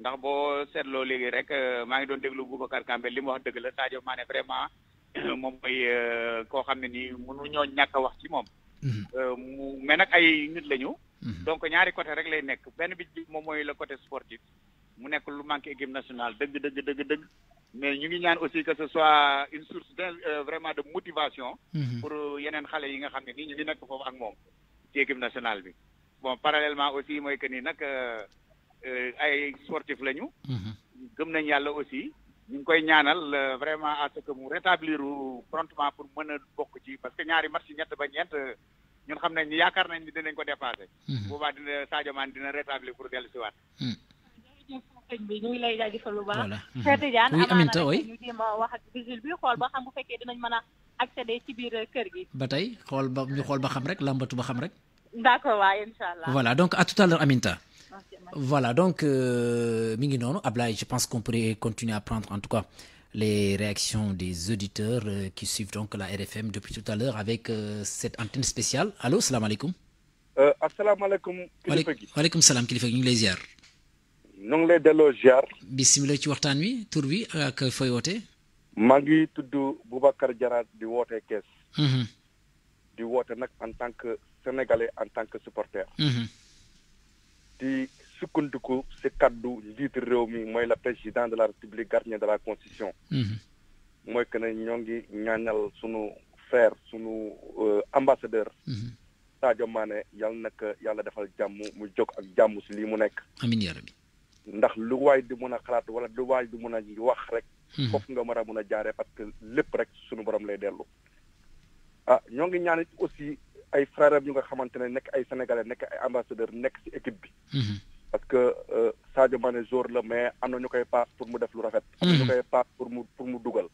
ndax boo seetloo léegi rek euh, maa ngi doon déglu Boubacar Kambé li mu wax dëgg la Sadio Mané vraiment moom mooy koo xam ne nii mënuñoo ñàkk a wax ci moom. Mm-hmm. mu mais nag ay nit lañu. Mm-hmm. donc ñaari côté rek lay nekk benn bi moom mooy la côté sportif mu nekk lu manqué équipe nationale dëgg dëgg dëgg dëgg. mais ñu ngi ñaan aussi que ce soit une source de euh, vraiment de motivation. Mhm. pour yeneen xale yi nga xam ne nii ñu ngi nekk foofu ak moom ci équipe nationale bi. bon parallèlement aussi mooy que ni nag euh, euh, ay sportif lañu. Mhm. gëm nañ yàlla aussi ñu ngi koy ñaanal vraiment à ce que mu rétablir promptement pour mën a bokk ci parce que ñaari match ñett ba ñeent ñun xam nañ ni yaakaar nañ ni dinañ ko dépassé. Mhm. boobaa dina Sadio Mané dina rétablir pour dellusiwaat. sëñ bi ñu ngi lay jaajëfal bu baax. voilà Cheikh mm-hmm. oui amaana rek ñu jéem a wax ak vigile bi xool ba xam bu fekkee dinañ mën a accéder ci biir kër gi. ba tey xool ba ñu xool ba xam rek lambatu ba xam rek. d'accord waaye incha allah. voilà donc à tout à l'heure Aminta. Voilà, donc, euh, Minginon, Ablaï, je pense qu'on pourrait continuer à prendre en tout cas les réactions des auditeurs euh, qui suivent donc la RFM depuis tout à l'heure avec euh, cette antenne spéciale. Allô, salam alaikum. Euh, alaikum, Kilifa. Wa alaikum salam, ziar ñu ngi lay delloo ziar. bisimilah ci waxtaan wi tur wi ak fooy wootee. maa ngi tudd Boubacar Diarra di wootee Kees. Mhm. di woote nag en tant que sénégalais en tant que supporter. Mhm. di sukkandiku si kaddu njiitu réew mi mooy le président de la république gardien de la constitution. Mhm. mooy que ne ñoo ngi ñaanal sunu frère sunu euh, ambassadeur. Sadio Mané yàlla nag yàlla defal jàmm mu jóg ak jàmm si lii mu nekk. amiin yaa rabbi. ndax lu way di mëna a xalaat wala lu way di mëna a wax rek hmm. fof nga mëna mëna mën parce que lepp rek suñu borom lay déllu ah ñoo ngi ñaan aussi ay frère ñu nga xamantene nek nek ay sénégalais nek ay ambassadeur nek si équipe bi hmm. parce que euh, Sadio Mané jour le mais amna na ñu koy paas pour mu def lu rafet ñu hmm. koy pour mu pour mu dugal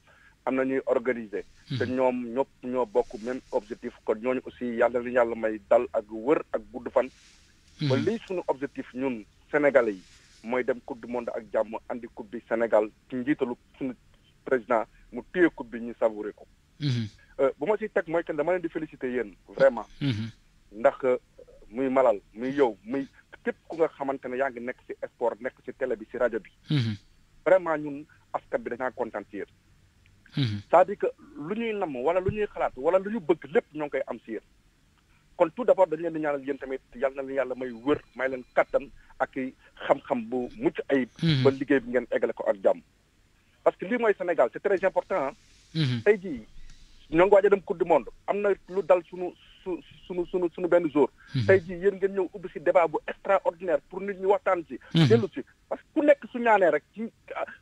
amna ñuy organiser te ñom ñop ñoo bokk même objectif kon ñoo aussi yalla ñu yalla may dal ak wër ak gudd fan ba li suñu objectif ñun sénégalais mooy dem coupe du monde ak jàmm indi coupe bi Sénégal ci njiitalu suñu président mu téye coupe bi ñu savouré ko. Mhm. Euh, bu ma siy teg mooy que dama leen di féliciter yéen vraiment. Mhm. ndax euh, muy malal muy yow muy képp ku nga xamante ne yaa ngi nekk ci sport nekk ci télé bi ci rajo bi. Mhm. vraiment ñun askan bi dañaa kontaan ci yéen. cest dire que lu ñuy namm wala lu ñuy xalaat wala lu ñu bëgg lépp ñoo ngi koy am ci yéen. kon tout d'abord dañu leen di ñaanal yéen tamit yàlla na leen yàlla may wër may leen kattan ak xam-xam bu mucc ay mhm. ba liggéey bi ngeen eggale ko ak jàmm. parce que lii mooy Sénégal c'est très important. Mhm. tey ji ñoo ngi waaj a dem coupe du monde am na lu dal sunu su sunu sunu sunu benn jour. Mhm. tey jii yéen ngeen ñëw ubbi si débat bu extraordinaire pour nit ñi waxtaan si. dellu si parce que ku nekk su ñaanee rek ci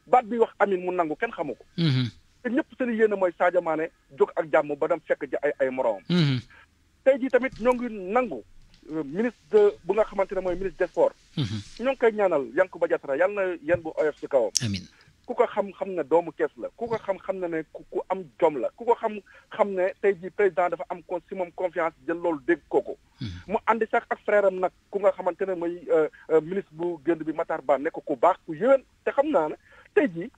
baat bi wax amin mu nangu kenn xamu ko. te ñëpp seen yéene mooy Sadio Mané ak jàmm ba fekk ji ay ay moroomam. tey jii tamit ñoo ngi nangu euh, ministre bu nga xamante ne mooy ministre des sports. Mm-hmm. ñoo ngi koy ñaanal ba Diattara yàlla na yan bu oyof ci kawam. ku ko xam xam ne doomu kees la ku ko xam xam na ne ku am jom la ku ko xam xam ne tey jii président dafa am kon si moom confiance jël loolu dégg ko ko mm-hmm. mu ànd sax ak frère am nag ku nga xamante ne mooy euh, euh, ministre bu gënd bi Matar Ba nekk ku baax ku yéwén te xam naa ne tey jii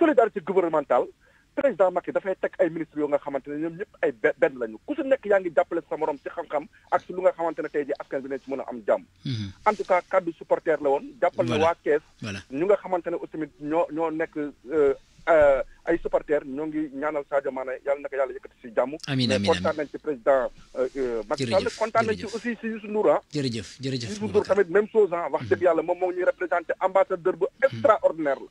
solidarité gouvernementale. président Macky dafay teg ay ministre yoo nga xamante ne ñoom ñëpp ay benn lañu ku si nekk yaa ngi jàppale sa morom ci xam-xam ak si lu nga xamante tey ji askan bi ne a am jàmm mhm. en tout cas kàddu la woon jàppal na waa Kees ñu nga xamante ne aussi tamit ñoo ñoo nekk euh, euh, ay supporters ñoo ngi ñaanal Sadio Mané yàlla na ko yàlla yëkkati si jàmm. amiin amiin euh, kontaan nañ ci président Macky Sall kontaan nañ ci aussi si Youssou Ndour ah. jërëjëf jërëjëf tamit même chose ah. wax dëgg mhm. yàlla moom moo ñuy représenté ambassadeur bu mhm. extraordinaire la.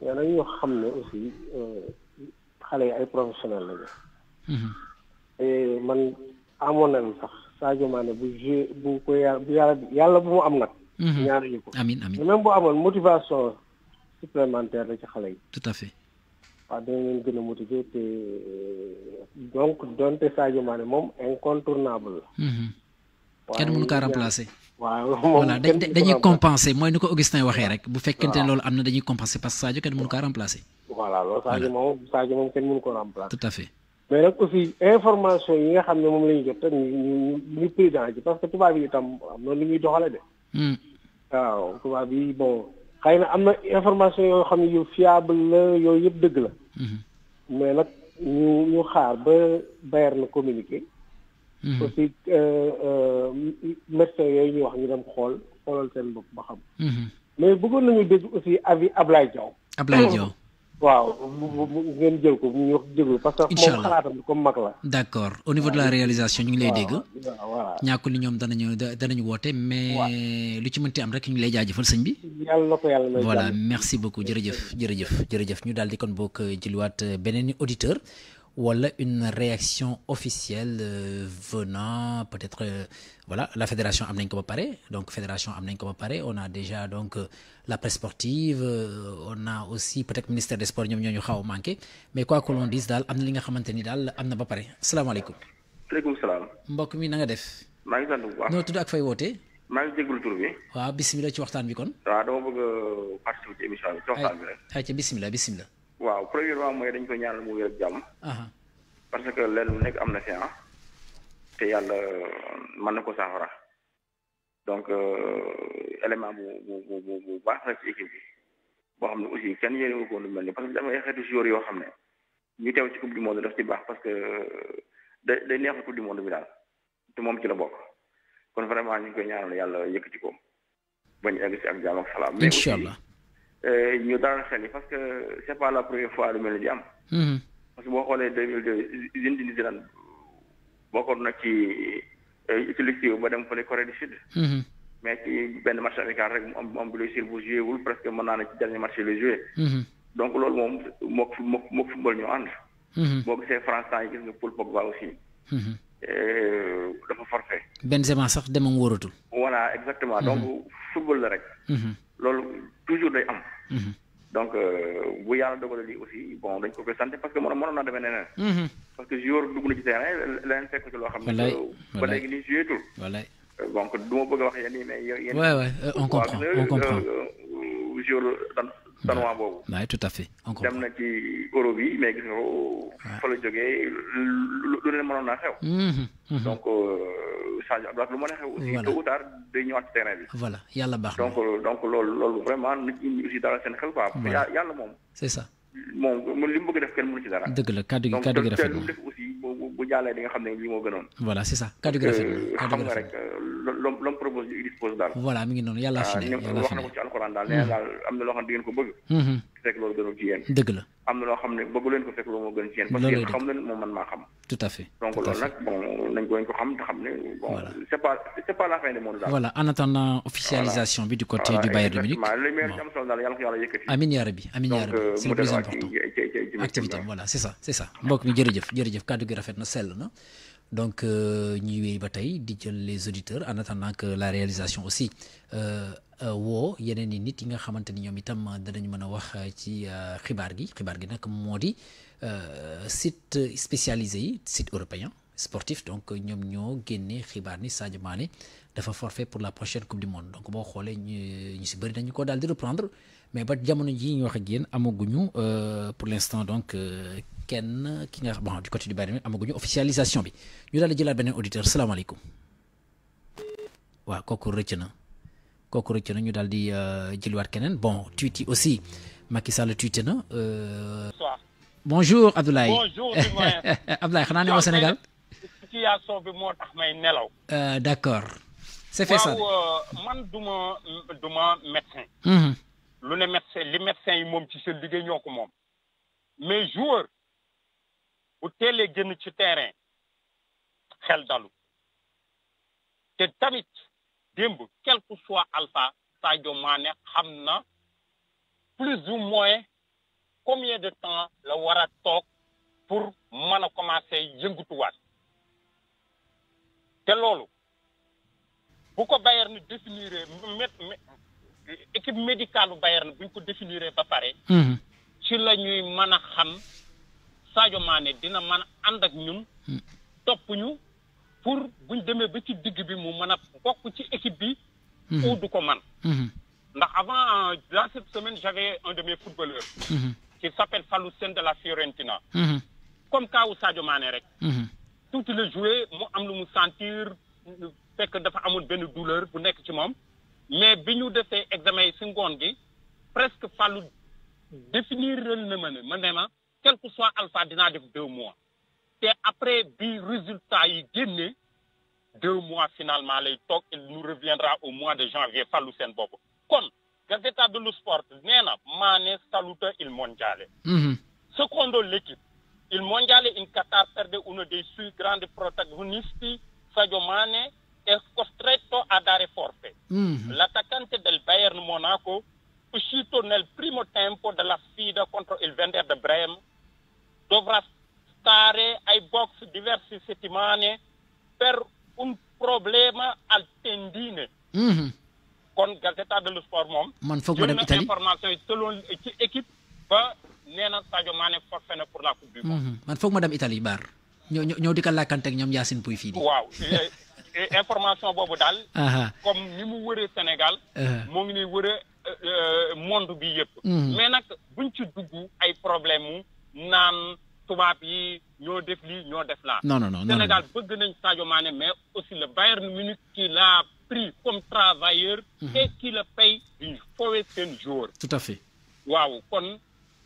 mais dañoo xam ne aussi euh, xale yi ay professionnel lañu. Mhm. te man amoon na sax Sadio Mané bu joué bu ko yàlla bu yàlla bu mu am nag. Mhm. ñaari ñu ko bu amoon motivation supplémentaire la ci xale yi. tout à fait. waaw dina leen gën a motiver te euh, donc donte Sadio Mané moom incontournable la. Mhm. kenn mënu kaa remplacer. waaw voilà dañuy compenser mooy ni ko Augustin waxee rek bu fekkente ne loolu am na dañuy compenser parce que Sadio kenn mënu ko ko remplacer. tout à fait. mais nag yi nga xam ne moom la ñu jot ñu ñu ñu président ci parce que tubaab yi itam am na lu ñuy doxale de. Hmm. waaw tubaab yi bon xëy na am na information yoo xam ne yu fiable la yooyu yëpp dëgg la. Hmm. mais nag ñu ñu xaar ba Bayern na communiqué. Mm-hmm. aussi euh, euh, médecins yooyu ñuy wax ñu dem xool xoolal seen bopp ba xam. Mm-hmm. mais bëggoon nañu dégg aussi avis Ablaye Diaw. Ablaye mm-hmm. Diaw. waaw ngeen jël ko ñu wax déglu parce que moom xalaatam comme mag la. d' accord au niveau de la réalisation ñu ngi lay dégg. waaw ñàkkul ni ñoom danañu danañu woote mais lu ci mënti am rek ñu ngi lay jaajëfal sëñ bi. yàlla ko yàlla may voilà merci beaucoup jërëjëf jërëjëf jërëjëf ñu daal di kon bokk jëliwaat euh, beneen auditeur. wala une réaction officielle euh, venant peut-être euh, voilà la fédération am nañ ko ba pare donc fédération am nañ ko ba pare on a déjà donc euh, la presse sportive on a aussi peut-être ministère des sports ñom ñu xaw manqué mais quoi que l'on dise dal amna li nga xamanteni dal amna am na ba pare salaamaaleykum. aleykum salaam. mbokk mi na nga def. maa ngi sant bu baax tudd ak fay wootee. maa ngi jégalu tur bi. waaw bismillah ci waxtaan bi kon. waaw dama bëgg a participer ci émission ci waxtaan bi rek. ay ci bismillah bismillah waaw premièrement mooy dañ ko ñaanal mu wér ak jàmm. parce que lenn mu nekk am na si ah. te yàlla euh, mën na ko saafara. donc euh, élément bu bu bu bu bu baax rek ci équipe bi. boo xam ne aussi kenn yéene ko lu mel ni parce que dama ay xeetu joueur yoo xam ne ñu teew ci coupe du monde daf ci baax parce que euh, day day neexal coupe du monde bi daal te moom ci la bokk kon vraiment ñu ngi koy ñaanal yàlla yëkkati ko bañ egg si ak jàmm ak salaam. incha allah Euh, ñu dalal xel yi parce que c' est pas la première fois lu mel di am. Mm-hmm. parce que boo xoolee deux mille deux usine di Nigerland bokkoon na ci ci euh, ba dem fële Corée du Sud. Mm-hmm. mais ci benn match amical rek mu am mu am blessure bu joué wul presque mën naa ne ci dernier match la joué. Mm-hmm. donc loolu moom mook mook mook football ñoo ànd. boo gisee France temps yi gis nga Paul Pogba aussi. Euh, dafa forfait. Benzema sax demam wóoratul. voilà exactement donc football la rek. loolu toujours day am. Mhm. donc euh, bu yàlla dogalee lii aussi bon dañ ko koy sant parce que mënoon mënoon naa demee neneen. Mhm. parce que joueur dugg na ci terrain leneen fekk ci ne. ba léegi nii joué tul. Euh, donc du ma bëgg a wax yenn yi mais. yi euh, on comprend on comprend. joueur tournoi bah, boobu. waaw tout à fait encore dem na ci Europe yi mais gis nga ko. fa la jógee lu lu leen mënoon naa xew. Mhm, mhm. donc Sadio euh, Abdoulaye lu mën a xew. aussi tôt ou tard day ñëwaat ci terrain bi. voilà yàlla baax donc euh, donc loolu loolu vraiment nit ñi aussi dara seen xel quoi. yàlla moom. c'est ça. moom li mu bëgg def kenn mënu ci dara. dëgg la kàddu gi kàddu gi rafet na donc def aussi bu jàllee di nga xam ne lii moo gënoon. voilà c'est ça kaddu gi euh, propose il dispose daal. voilà mi ngi noonu yàlla ah, fi ne yàlla fi ne wax ci alxuraan daal nee hmm. am na loo xam ne di ko bëgg. Hmm, hmm. fekk loolu gënul ci yéen dëgg la am na loo xam ne bëggu leen ko fekk loolu moo gën ci yéen parce que yéen xam leen moom man maa xam tout à fait donc loolu nag bon nañ ko nañ ko xam te xam ne bon c'est pas c'est pas la fin du monde daal voilà en attendant officialisation bi du côté du Bayern de Munich li maire ci am solo daal yàlla ko yàlla yëkkati amiin yaa rabbi amiin yaa rabbi c'est le plus important activité voilà c'est ça c'est ça mbokk mi jërëjëf jërëjëf kàddu gi rafet na sell na donc nous euh, wéy ba di jël les auditeurs en attendant que la réalisation aussi euh, euh, woo yeneen i nit yi nga xamante ni ñoom itam danañ mën a wax ci xibaar gi xibaar gi nag moo di site spécialisé site européen sportif donc ñoom ñoo génne xibaar ni Sadio Mané dafa forfait pour la prochaine coupe du monde donc boo xoolee ñu ñu si bëri dañu ko daal di reprendre mais ba jamono ji ñu wax ak yéen amaguñu pour l'instant donc kenn ki nga bon du côté du Bayern amaguñu officialisation bi ñu dal di jëlat benen auditeur salam salaamaaleykum wa kooku rëcc na kooku rëcc na ñu dal di euh, jël wat kenen bon tuuti aussi Macky Sall tuuti na. Euh, bonjour Abdoulaye bonjour Abdoulaye xanaa ne waa Sénégal. situation bi moo tax may nelaw. euh d'accord c'est fait ça waaw euh, man duma duma du ma médecin. Mhm. lu ne médecin li médecin yi mom ci seen liggéey ñoko mom mais joueur bu teelee génn ci terrain xel dalu te tamit démb quel que soit alpha Sadio Mané xam na plus ou moins combien de temps la war a pour mën a commencer yëngutuwaat te loolu bu ko Bayern définir équipe médicale Bayern buñ ko définir ba pare. Mhm. ci la ñuy mën xam. Sadio Mané dina man a top ak ñun. Hmm. ñu pour buñ démé ba ci digg bi mu mën a ci équipe bi. Hmm. ou man hmm. ndax avant dans euh, cette semaine j'avais un de mes footballeurs. qui s'appelle Fallou Sen de la Fiorentina. comme ça Sadio Mané rek. tout le jouer mu am lu mu sentir fekk dafa amul ben douleur bu nekk ci mom mais biñu défé examen ci ngone gi presque Fallou définir le mané ne quel que soit alpha dinaa deux mois Et après le résultat yi deux mois finalement il nous reviendra au mois de janvier pas Senbobo. Comme kon l'état de l'Esport, nee na Mané saluta il mondiale mhm. secondo l'équipe il mondiale in Qatar perde une des plus grandes protagonistes. Sadio Mané est costretto a dare forfait mhm. L'attaquante de Bayern Monaco uscito nel primo tempo della sfida contro il de Bremen, dovrà stare ai box diverse settimane per un problema al tendine. Mm-hmm. Kon Gazzetta dello Sport moom. man foog ma dem Italie information yi selon ci équipe ba nee na la coupe du monde. man mhm. foog ma dem Italie Baar ñoo ñoo di ko làkkanteeg ñoom Yacine Pouy fii. waaw information boobu daal. Ah, ah. comme ni mu wëree Sénégal. Eh. moo ngi nii Euh, monde bi yëpp. Mm-hmm. mais nak buñ ci dugg ay problème nan naan yi ñoo def li ñoo def la non non Sénégal bëgg nañ Sadio Mané mais aussi le Bayern Munich qui l'a pris comme travailleur. Mm-hmm. et qui le paye une fowe seen jour tout à fait. waaw kon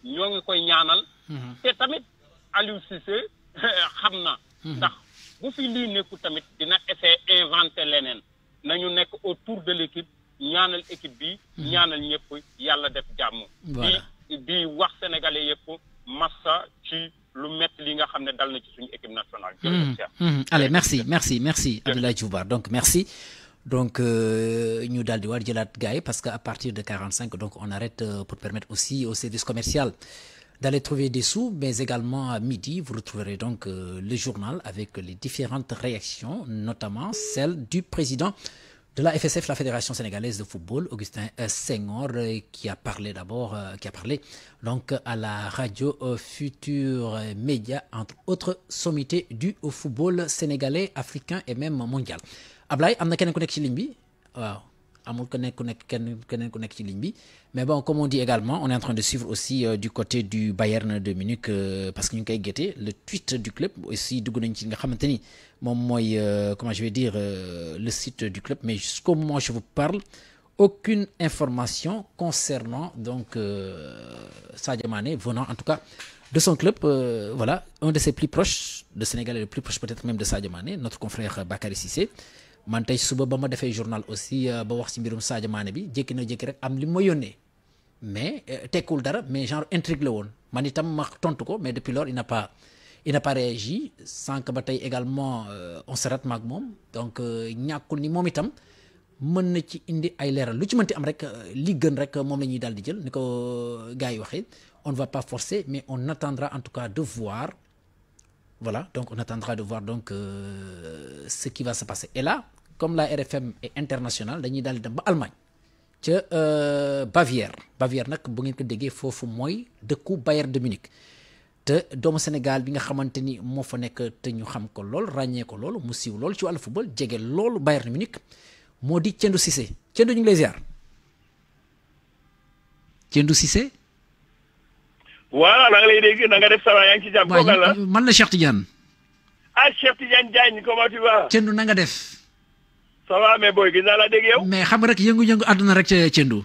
ñoo ngi koy ñaanal. Mm-hmm. te tamit Aliou Cissé xam na. ndax bu fi lii nekku tamit dina essayer inventer leneen nañu nekk autour de l'équipe ñaanal équipe bi def hmm. allez merci merci merci Abdoulaye donc merci donc euh, ñu di war parce que à partir de 45 donc on arrête euh, pour permettre aussi au service commercial d'aller trouver des sous, mais également à midi, vous retrouverez donc euh, le journal avec les différentes réactions, notamment celle du président de la FSF, la Fédération sénégalaise de football, Augustin euh, Senghor, euh, qui a parlé d'abord, euh, qui a parlé donc à la radio Futur Média, entre autres sommités du football sénégalais, africain et même mondial. Ablaye, on a mais bon comme on dit également on est en train de suivre aussi euh, du côté du Bayern de Munich euh, parce que nous avons le tweet du club aussi du euh, comment je vais dire le site du club mais jusqu'au moment où je vous parle aucune information concernant donc Sadio venant en tout cas de son club, voilà, un de ses plus proches, de Sénégal et le plus proche peut-être même de Sadio Mané, notre confrère Bakary Sissé, man tay suba ba ma journal aussi euh, ba wax ci mbirum Sadio Mané bi na rek am ma mais C'est euh, dara mais genre intrigue la won man itam ma mais depuis lors il n'a pas il n'a pas réagi sans que ba également euh, on se rate donc ñakul ni a itam mën na ci indi ay Il lu ci mënti am rek li gën rek on ne va pas forcer mais on attendra en tout cas de voir voilà donc on attendra de voir donc ce qui va se passer et là comme la RFM est internationale dañuy dal dem ba Allemagne euh Bavière Bavière nak bu ngeen ko déggee foofu de coup Bayern de Munich te doomu Sénégal bi nga xamanteni mo fa nek te ñu xam ko lool ragné ko lool mu lool ci wal football djégé lool Bayern de Munich Modi di Tiendou Cissé Tiendou ñu ngi lay ziar Tiendou Cissé. waaw nga lay dégg nga def sama va ngi ci jàmm. kooku la man la Cheikh Tidiane. ah Cheikh Tidiane Diagne comment tu vas. Tiendou na nga def. ça va mais la dégg mais xam nga rek yëngu-yëngu àdduna rek ca Cëndu.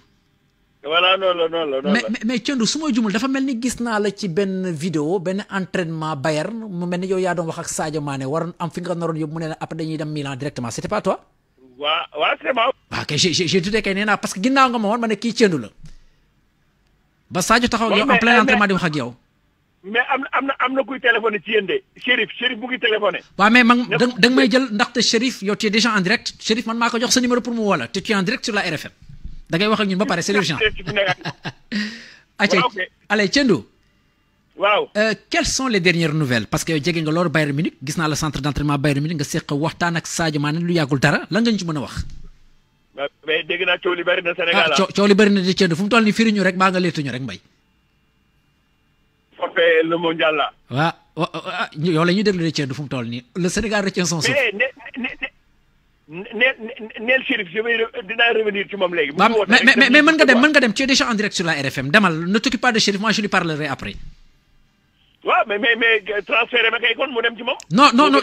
la noonu la noonu la mais Cëndu su ma jumul dafa mel ni gis naa la ci benn vidéo benn entraînement Bayern mu mel ni yow yaa doon wax ak Sadio maane waroon am fi nga naroon yóbbu mu ne la après dañuy dem Milan directement c'était pas toi. waa waa c'est moi. waaw kay j'ai j'ai nee naa parce que ginnaaw nga ma woon ma ne kii Cëndu la. ba Sadio taxaw ak yow en plein entraînement di wax ak yow. mais am na am na am na kuy téléphoné ci yéen de Chérif Chérif mu ngi téléphoné. mais man da nga may jël ndaxte Chérif yow tu es déjà en direct Chérif man maa ko jox sa numéro pour mu woo la te tu es en direct sur la RFM da ngay wax ak ñun ba pare c'est ah, urgent. waaw ok allez Thiendou. waaw euh, quelles sont les dernières nouvelles parce que yow jege nga loolu Bayern gis naa la centre d'entraînement Bayern Munich nga seq waxtaan ak Sadio Mané lu yàggul dara lan nga ci mën a wax. mais ah. Ah, fu mu toll nii firi ñu rek baa rek mbay trophée le mondial là. wa yo lañu la ñuy déglu Déthié du fu toll ni le Sénégal retient son souffle. Neel Chérif je vais dinaa revenir ci moom léegi. mais mais mais mën nga dem mën nga dem tu déjà en direct sur la RFM damal ne t'occupe pas de Chérif moi je lui parlerai après. waaw mais mais mais transférer ma kay kon mu dem ci moom. non non non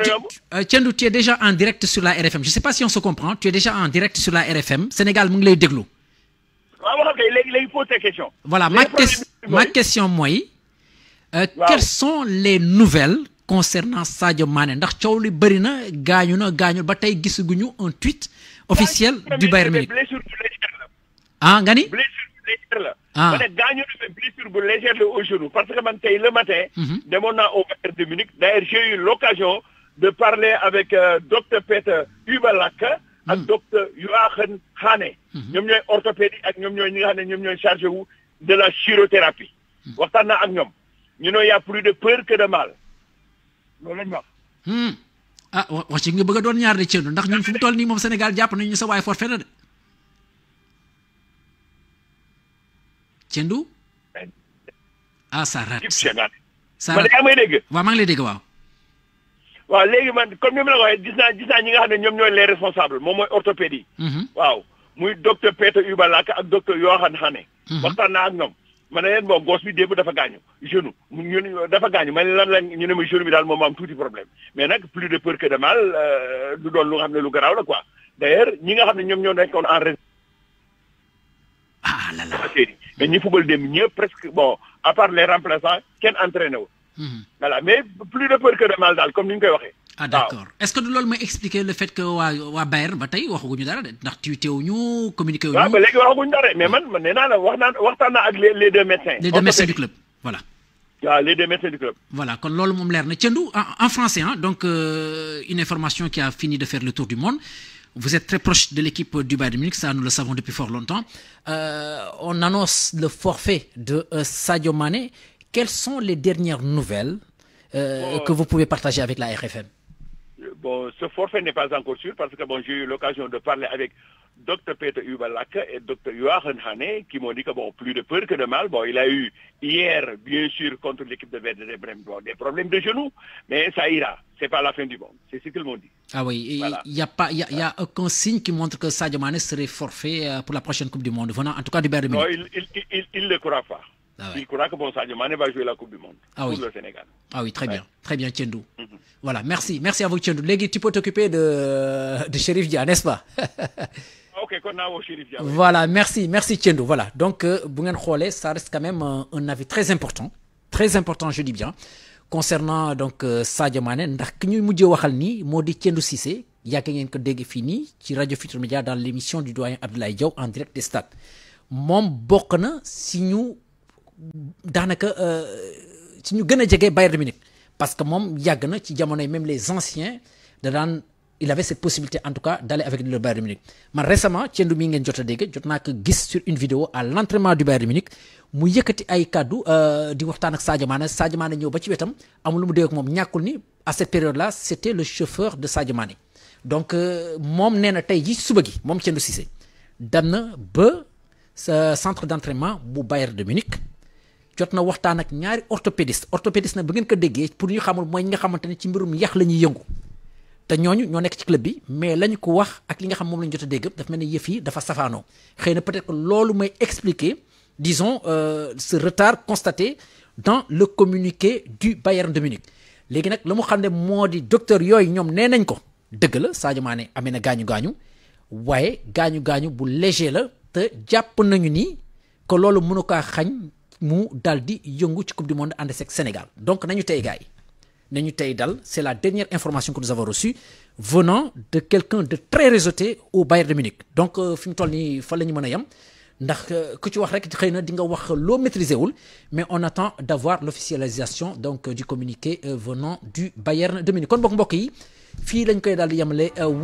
Tiendou euh, tu es déjà en direct sur la RFM je sais pas si on se comprend tu es déjà en direct sur la RFM Sénégal mu ngi lay déglu. waaw wax nga léegi léegi pose question. voilà ma question moi. Euh, quelles sont les nouvelles concernant Sadio Mané ndax coow li bëri na gaañu na gaañu ba un tweet officiel du Bayern Munich ah nga ni. ah ma légère au genou parce que man tay le matin. Mhm. au Bayern de Munich d'ailleurs j'ai eu l'occasion de parler avec euh, docteur Peter et ak mhm. docteur Joachim Hane. Mhm. ñom ñoy orthopédie ak ñom ñoy ñi nga chargé de la chirothérapie. waxtaan ak ñu ne y plus de peur que mal loolu lañ wax. Hmm. ah wax ci nga bëgg doon ñaar de Thierno ndax ñun fu mu toll nii moom Sénégal jàpp nañu ñu sa waay forfait na de. Thierno ah ça rate. ça rate man dégg. waaw maa ngi dégg waaw. waaw léegi man comme ni ma la waxee gis naa gis naa ñi nga xam ne ñoom ñooy les responsables moom mooy orthopédie. Mhm. waaw muy docteur Peter Ubalaka ak docteur Yohan Hane. Mhm. waxtaan naa ak ñoom. ma ne leen bon gosse bi démb dafa gañu genou ñun dafa gañu ma ne lan lañ ñu ne ma genou bi dal mo am touti problème mais nak plus de peur que de mal euh du doon lu xamné lu graw la quoi d'ailleurs ñi nga xamné ñom ñoo nekkon en réserve. ah la la mais ñi football dem ñe presque bon à part les remplaçants ken entraîné wu. Mhm. voilà mais plus de peur que de mal dal comme ni ñu koy waxee ah d'accord. est ce que du loolu m'expliquer le fait que waa waa Bayer ba tey waxaguñu dara ndax tuité wu mais man man nee les deux médecins. les deux médecins du club voilà. les deux médecins du club. voilà kon loolu moom na nous, en français hein, donc euh, une information qui a fini de faire le tour du monde. Vous êtes très proche de l'équipe du Bayern Munich, ça nous le savons depuis fort longtemps. Euh, on annonce le forfait de euh, Sadio Mané. Quelles sont les dernières nouvelles oh. que vous pouvez partager avec la RFM Bon, ce forfait n'est pas encore sûr parce que bon, j'ai eu l'occasion de parler avec Dr Peter Ubalak et Dr Joachim Hane qui m'ont dit que bon, plus de peur que de mal. Bon, il a eu hier, bien sûr, contre l'équipe de Werder de des problèmes de genoux, mais ça ira. C'est pas la fin du monde. C'est ce qu'ils m'ont dit. Ah oui, il n'y a y, a, aucun signe qui montre que Sadio Mane serait forfait euh, pour la prochaine Coupe du Monde, en tout cas du Bernard. Non, il, ne le croit pas. Ah ouais. Il croit que bon, Sadio Mané va jouer la Coupe du Monde ah pour oui. le Sénégal. Ah oui, très bien. Très bien, Tiendou. Mhm. Voilà, merci. Merci à vous, Tiendou. Légui, tu peux t'occuper de, de Sherif Dia, n'est-ce pas ah, Ok, au Sherif Dia. Voilà, merci. Merci, Tiendou. Voilà. Donc, euh, Bungen ça reste quand même un, avis très important. Très important, je dis bien. Concernant donc euh, Sadio Mané, ndax ki ñuy mujjé waxal ni mo di Tiendou Cissé yàgg ngeen ko ci Futur Média dans l'émission du doyen Abdoulaye Diaw en direct des stades Mon bokk na si ñu daanaka euh, ci ñu gëna a Bayern Munich parce que mom yàgg na ci jamono même les anciens da il avait cette possibilité en tout cas d'aller avec le Bayern Munich man récemment Thiendou mi ngeen jot a dégg jot ko gis sur une vidéo à l'entraînement du Bayern Munich mu yëkëti ay euh di waxtaan ak Sadio Mané Sadio Mané ñëw ba ci wétam amul lu mu dégg ak moom ni à cette période là c'était le chauffeur de Sadio Mané donc euh, mom néna tay tey suba gi ci Thiendou Cissé dem na ba ce euh, centre d'entraînement bu Bayern de Munich jotna na waxtaan ak ñaari orthopédiste orthopédiste nag bu ngeen ko déggee pour ñu xamul mooy nga xamante ne ci mbirum yax la ñuy yëngu te ñooñu ñoo nekk ci club bi mais lañ ko wax ak li nga xam moom lañ jot a dégg daf mel ni yëf yi dafa safaanoo xëy na peut-être que loolu may expliquer disons euh, ce retard constaté dans le communiqué du Bayern de Munich léegi nag la mu xam ne moo di docteur yooyu ñoom nee nañ ko dëgg la Sadio Mané amee na gaañu gaañu waaye gaañu gaañu bu léger la te jàpp nañu ni que loolu mënu kaa xañ mu Daldi di yëngu ci coupe du monde ànd seeg Sénégal donc nañu tey gars yi nañu tey dal c'est la dernière information que nous avons reçue venant de quelqu'un de très réseauté au Bayern de Munich donc euh, fi mu toll nii fa la ñu mën a yem ndax euh, ku ci wax rek xëy na di nga wax loo maîtriser wul mais on attend d'avoir l'officialisation donc euh, du communiqué venant du Bayern de Munich kon mbokk mbokk yi fii lañ koy daldi di